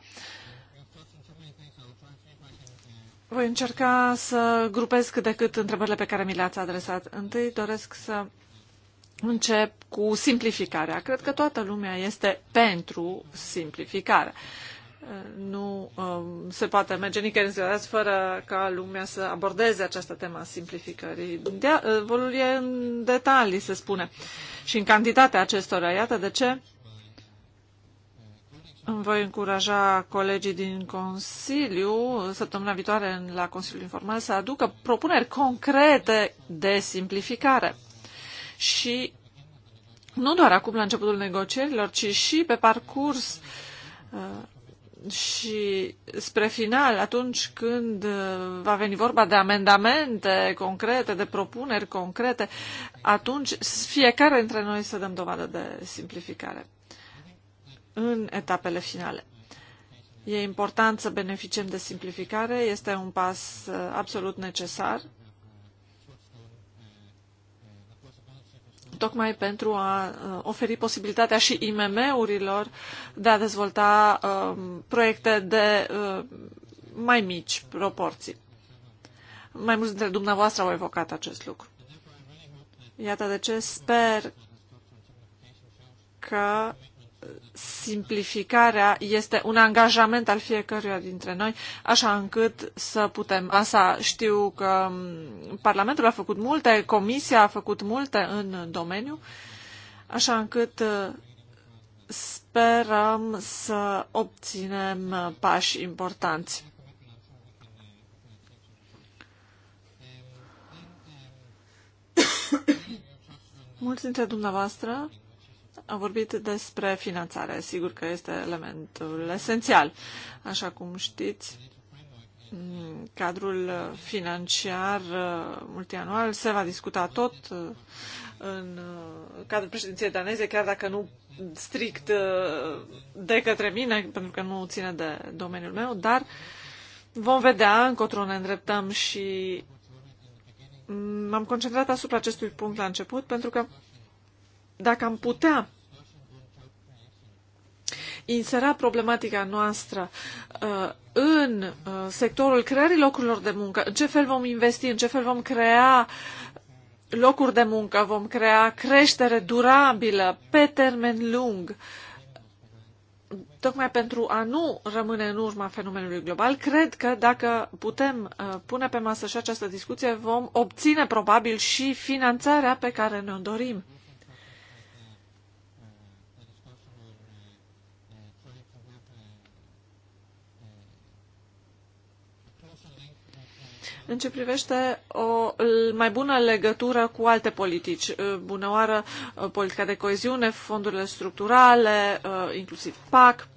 Voi încerca să grupez cât de cât întrebările pe care mi le-ați adresat. Întâi doresc să încep cu simplificarea. Cred că toată lumea este pentru simplificare. Nu um, se poate merge nicăieri în ziua de azi fără ca lumea să abordeze această temă a simplificării. Uh, volul e în detalii, se spune, și în cantitatea acestora. Iată de ce îmi voi încuraja colegii din Consiliu săptămâna viitoare la Consiliul Informal să aducă propuneri concrete de simplificare. Și nu doar acum la începutul negocierilor, ci și pe parcurs uh, și spre final, atunci când uh, va veni vorba de amendamente concrete, de propuneri concrete, atunci fiecare dintre noi să dăm dovadă de simplificare în etapele finale. E important să beneficiem de simplificare, este un pas uh, absolut necesar tocmai pentru a uh, oferi posibilitatea și IMM-urilor de a dezvolta um, proiecte de uh, mai mici proporții. Mai mulți dintre dumneavoastră au evocat acest lucru. Iată de ce sper că simplificarea este un angajament al fiecăruia dintre noi, așa încât să putem. Asta știu că mm, Parlamentul a făcut multe, Comisia a făcut multe în domeniu, așa încât uh, sperăm să obținem uh, pași importanți. Mulți dintre dumneavoastră a vorbit despre finanțare. Sigur că este elementul esențial. Așa cum știți, cadrul financiar uh, multianual se va discuta tot uh, în uh, cadrul președinției daneze, chiar dacă nu strict de către mine, pentru că nu ține de domeniul meu, dar vom vedea încotro ne îndreptăm și m-am concentrat asupra acestui punct la început, pentru că dacă am putea insera problematica noastră uh, în uh, sectorul creării locurilor de muncă, în ce fel vom investi, în ce fel vom crea locuri de muncă, vom crea creștere durabilă pe termen lung, tocmai pentru a nu rămâne în urma fenomenului global, cred că dacă putem uh, pune pe masă și această discuție, vom obține probabil și finanțarea pe care ne-o dorim. în ce privește o mai bună legătură cu alte politici, uh, Bunăoară, uh, politica de coeziune, fondurile structurale, uh, inclusiv PAC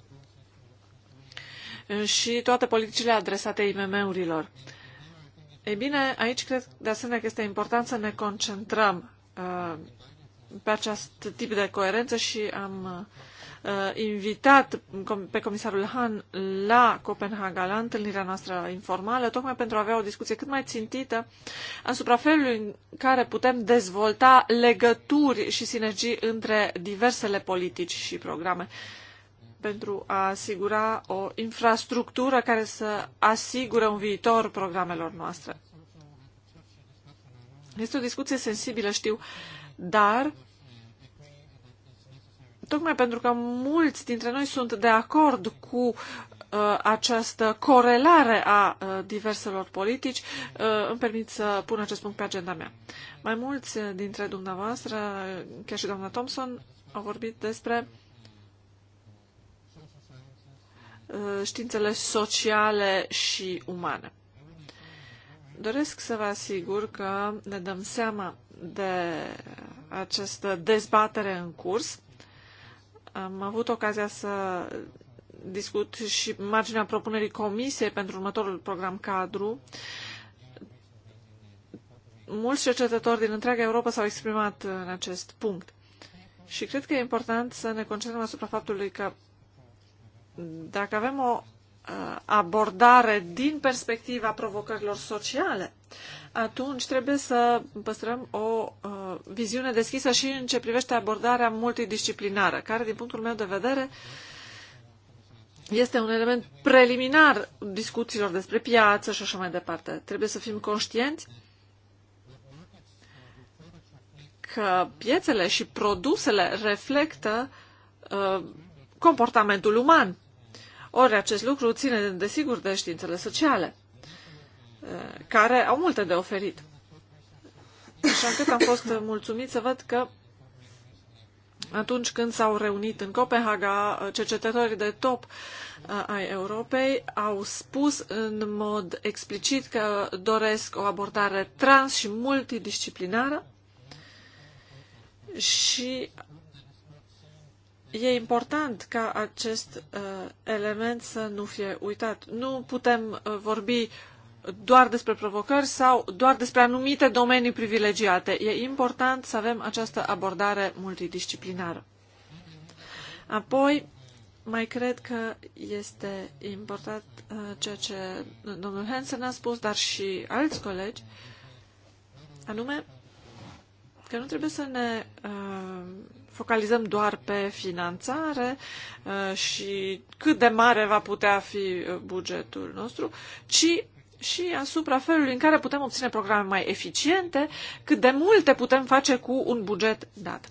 și toate politicile adresate IMM-urilor. Ei bine, aici cred de asemenea că este important să ne concentrăm pe acest tip de coerență și am uh, uh, invitat pe comisarul Han la Copenhaga, la întâlnirea noastră informală, tocmai pentru a avea o discuție cât mai țintită asupra felului în care putem dezvolta legături și sinergii între diversele politici și programe pentru a asigura o infrastructură care să asigure un viitor programelor noastre. Este o discuție sensibilă, știu, dar tocmai pentru că mulți dintre noi sunt de acord cu uh, această corelare a uh, diverselor politici, uh, îmi permit să pun acest punct pe agenda mea. Mai mulți uh, dintre dumneavoastră, uh, chiar și doamna Thompson, au vorbit despre uh, științele sociale și umane. Doresc să vă asigur că ne dăm seama de această dezbatere în curs am avut ocazia să discut și marginea propunerii Comisiei pentru următorul program cadru. Mulți cercetători din întreaga Europa s-au exprimat în acest punct. Și cred că e important să ne concentrăm asupra faptului că dacă avem o Uh, abordare din perspectiva provocărilor sociale, atunci trebuie să păstrăm o uh, viziune deschisă și în ce privește abordarea multidisciplinară, care, din punctul meu de vedere, este un element preliminar discuțiilor despre piață și așa mai departe. Trebuie să fim conștienți că piețele și produsele reflectă uh, comportamentul uman ori acest lucru ține, desigur, de științele sociale, eh, care au multe de oferit. Așa încât am fost mulțumit să văd că atunci când s-au reunit în Copenhaga eh, cercetătorii de top eh, ai Europei, au spus în mod explicit că doresc o abordare trans și multidisciplinară și e important ca acest uh, element să nu fie uitat. Nu putem uh, vorbi doar despre provocări sau doar despre anumite domenii privilegiate. E important să avem această abordare multidisciplinară. Apoi, mai cred că este important uh, ceea ce domnul Hansen a spus, dar și alți colegi, anume că nu trebuie să ne uh, focalizăm doar pe finanțare uh, și cât de mare va putea fi uh, bugetul nostru, ci și asupra felului în care putem obține programe mai eficiente, cât de multe putem face cu un buget dat.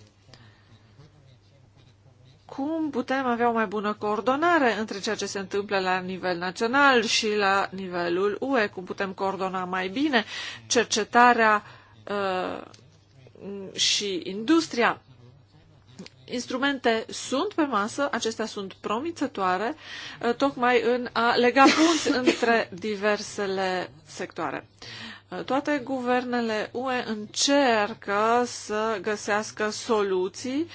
Cum putem avea o mai bună coordonare între ceea ce se întâmplă la nivel național și la nivelul UE? Cum putem coordona mai bine cercetarea uh, și industria? instrumente sunt pe masă, acestea sunt promițătoare, uh, tocmai în a lega punți între diversele sectoare. Uh, toate guvernele UE încercă să găsească soluții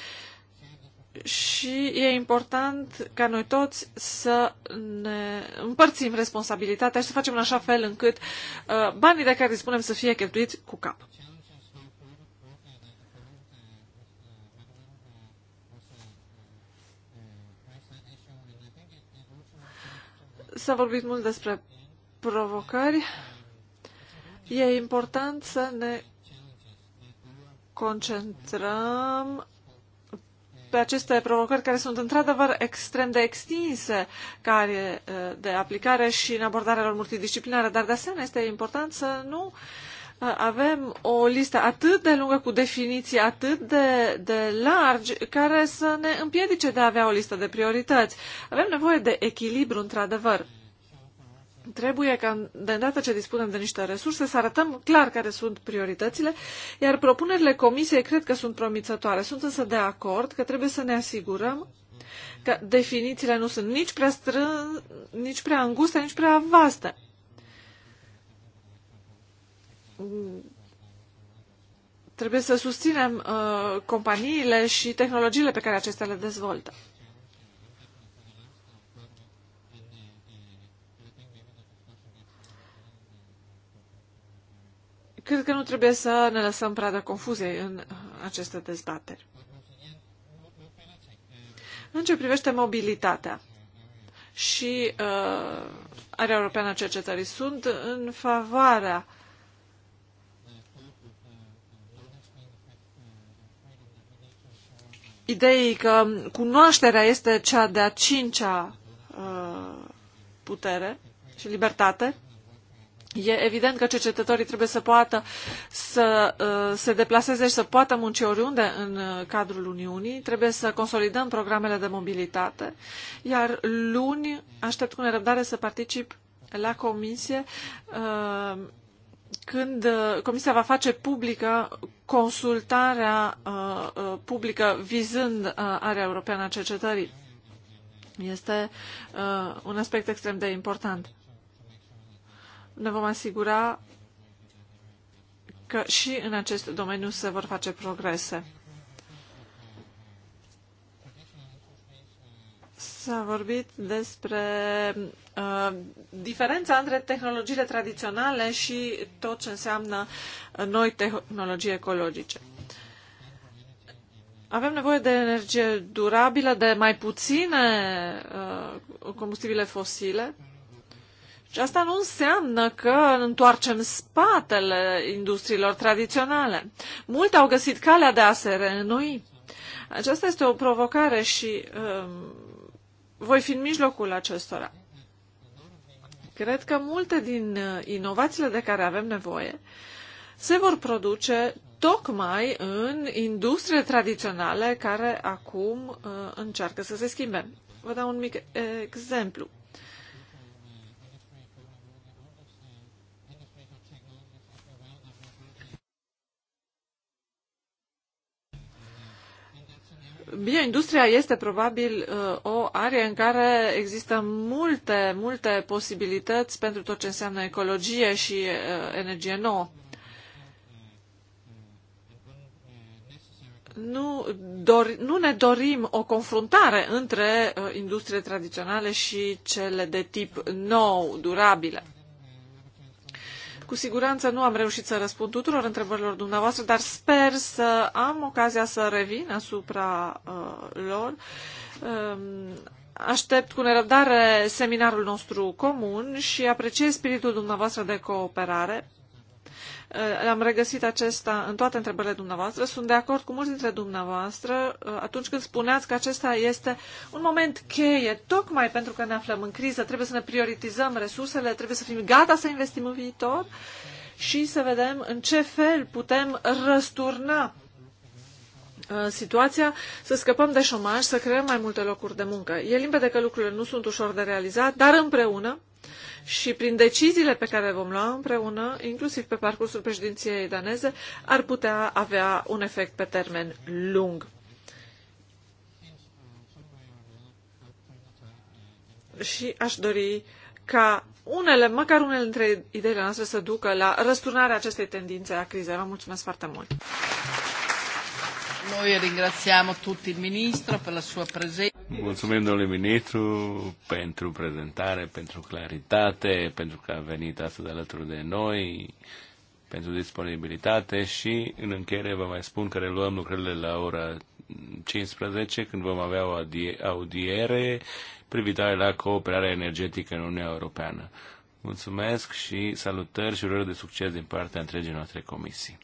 și e important ca noi toți să ne împărțim responsabilitatea și să facem în așa fel încât uh, banii de care dispunem să fie cheltuiți cu cap. S-a vorbit mult despre provocări. E important să ne concentrăm pe aceste provocări care sunt într-adevăr extrem de extinse, care eh, de aplicare și în abordarea lor multidisciplinară, dar de asemenea este important să nu uh, avem o listă atât de lungă cu definiții atât de, de largi care să ne împiedice de a avea o listă de priorități. Avem nevoie de echilibru, într-adevăr. Trebuie ca, de îndată ce dispunem de niște resurse, să arătăm clar care sunt prioritățile, iar propunerile comisiei cred că sunt promițătoare. Sunt însă de acord că trebuie să ne asigurăm că definițiile nu sunt nici prea strân, nici prea înguste, nici prea vaste trebuie să susținem uh, companiile și tehnologiile pe care acestea le dezvoltă. Cred că nu trebuie să ne lăsăm pradă confuziei în uh, aceste dezbateri. În ce privește mobilitatea și uh, Area Europeană a Cercetării, sunt în favoarea uh, ideii că cunoașterea este cea de-a cincea uh, putere și libertate, E evident că cercetătorii trebuie să poată să uh, se deplaseze și să poată munci oriunde în uh, cadrul Uniunii. Trebuie să consolidăm programele de mobilitate, iar luni aștept cu nerăbdare să particip la comisie uh, când uh, Comisia va face publică consultarea uh, uh, publică vizând area europeană a cercetării. Este un aspect extrem de important. Ne vom asigura că și în acest domeniu se vor face progrese. S-a vorbit despre Uh, diferența între tehnologiile tradiționale și tot ce înseamnă uh, noi tehnologii ecologice. Avem nevoie de energie durabilă, de mai puține uh, combustibile fosile. Și asta nu înseamnă că întoarcem spatele industriilor tradiționale. Multe au găsit calea de a se reînnoi. Aceasta este o provocare și uh, voi fi în mijlocul acestora. Cred că multe din uh, inovațiile de care avem nevoie se vor produce tocmai în industriile tradiționale care acum uh, încearcă să se schimbe. Vă dau un mic eh, exemplu. Bioindustria este probabil uh, o arie în care există multe, multe posibilități pentru tot ce înseamnă ecologie și uh, energie nouă. Nu, dor, nu ne dorim o confruntare între uh, industrie tradiționale și cele de tip nou, durabile. Cu siguranță nu am reușit să răspund tuturor întrebărilor dumneavoastră, dar sper să am ocazia să revin asupra uh, lor. Um, Aștept cu nerăbdare seminarul nostru comun și apreciez spiritul dumneavoastră de cooperare L-am eh, regăsit acesta în toate întrebările dumneavoastră. Sunt de acord cu mulți dintre dumneavoastră eh, atunci când spuneați că acesta este un moment cheie, tocmai pentru că ne aflăm în criză, trebuie să ne prioritizăm resursele, trebuie să fim gata să investim în viitor și să vedem în ce fel putem răsturna Uh, situația, să scăpăm de șomaj, să creăm mai multe locuri de muncă. E limpede că lucrurile nu sunt ușor de realizat, dar împreună și prin deciziile pe care le vom lua împreună, inclusiv pe parcursul președinției daneze, ar putea avea un efect pe termen lung. Și aș dori ca unele, măcar unele dintre ideile noastre să ducă la răsturnarea acestei tendințe a crizei. Vă mulțumesc foarte mult! Noi ringraziamo tutti il Ministro per la sua prezenza. Mulțumim, domnule Ministru, pentru prezentare, pentru claritate, pentru că a venit astăzi alături de noi, pentru disponibilitate și, în încheiere, vă mai spun că reluăm lucrările la ora 15, când vom avea o audiere privitoare la cooperarea energetică în Uniunea Europeană. Mulțumesc și salutări și urări de succes din partea întregii noastre comisii.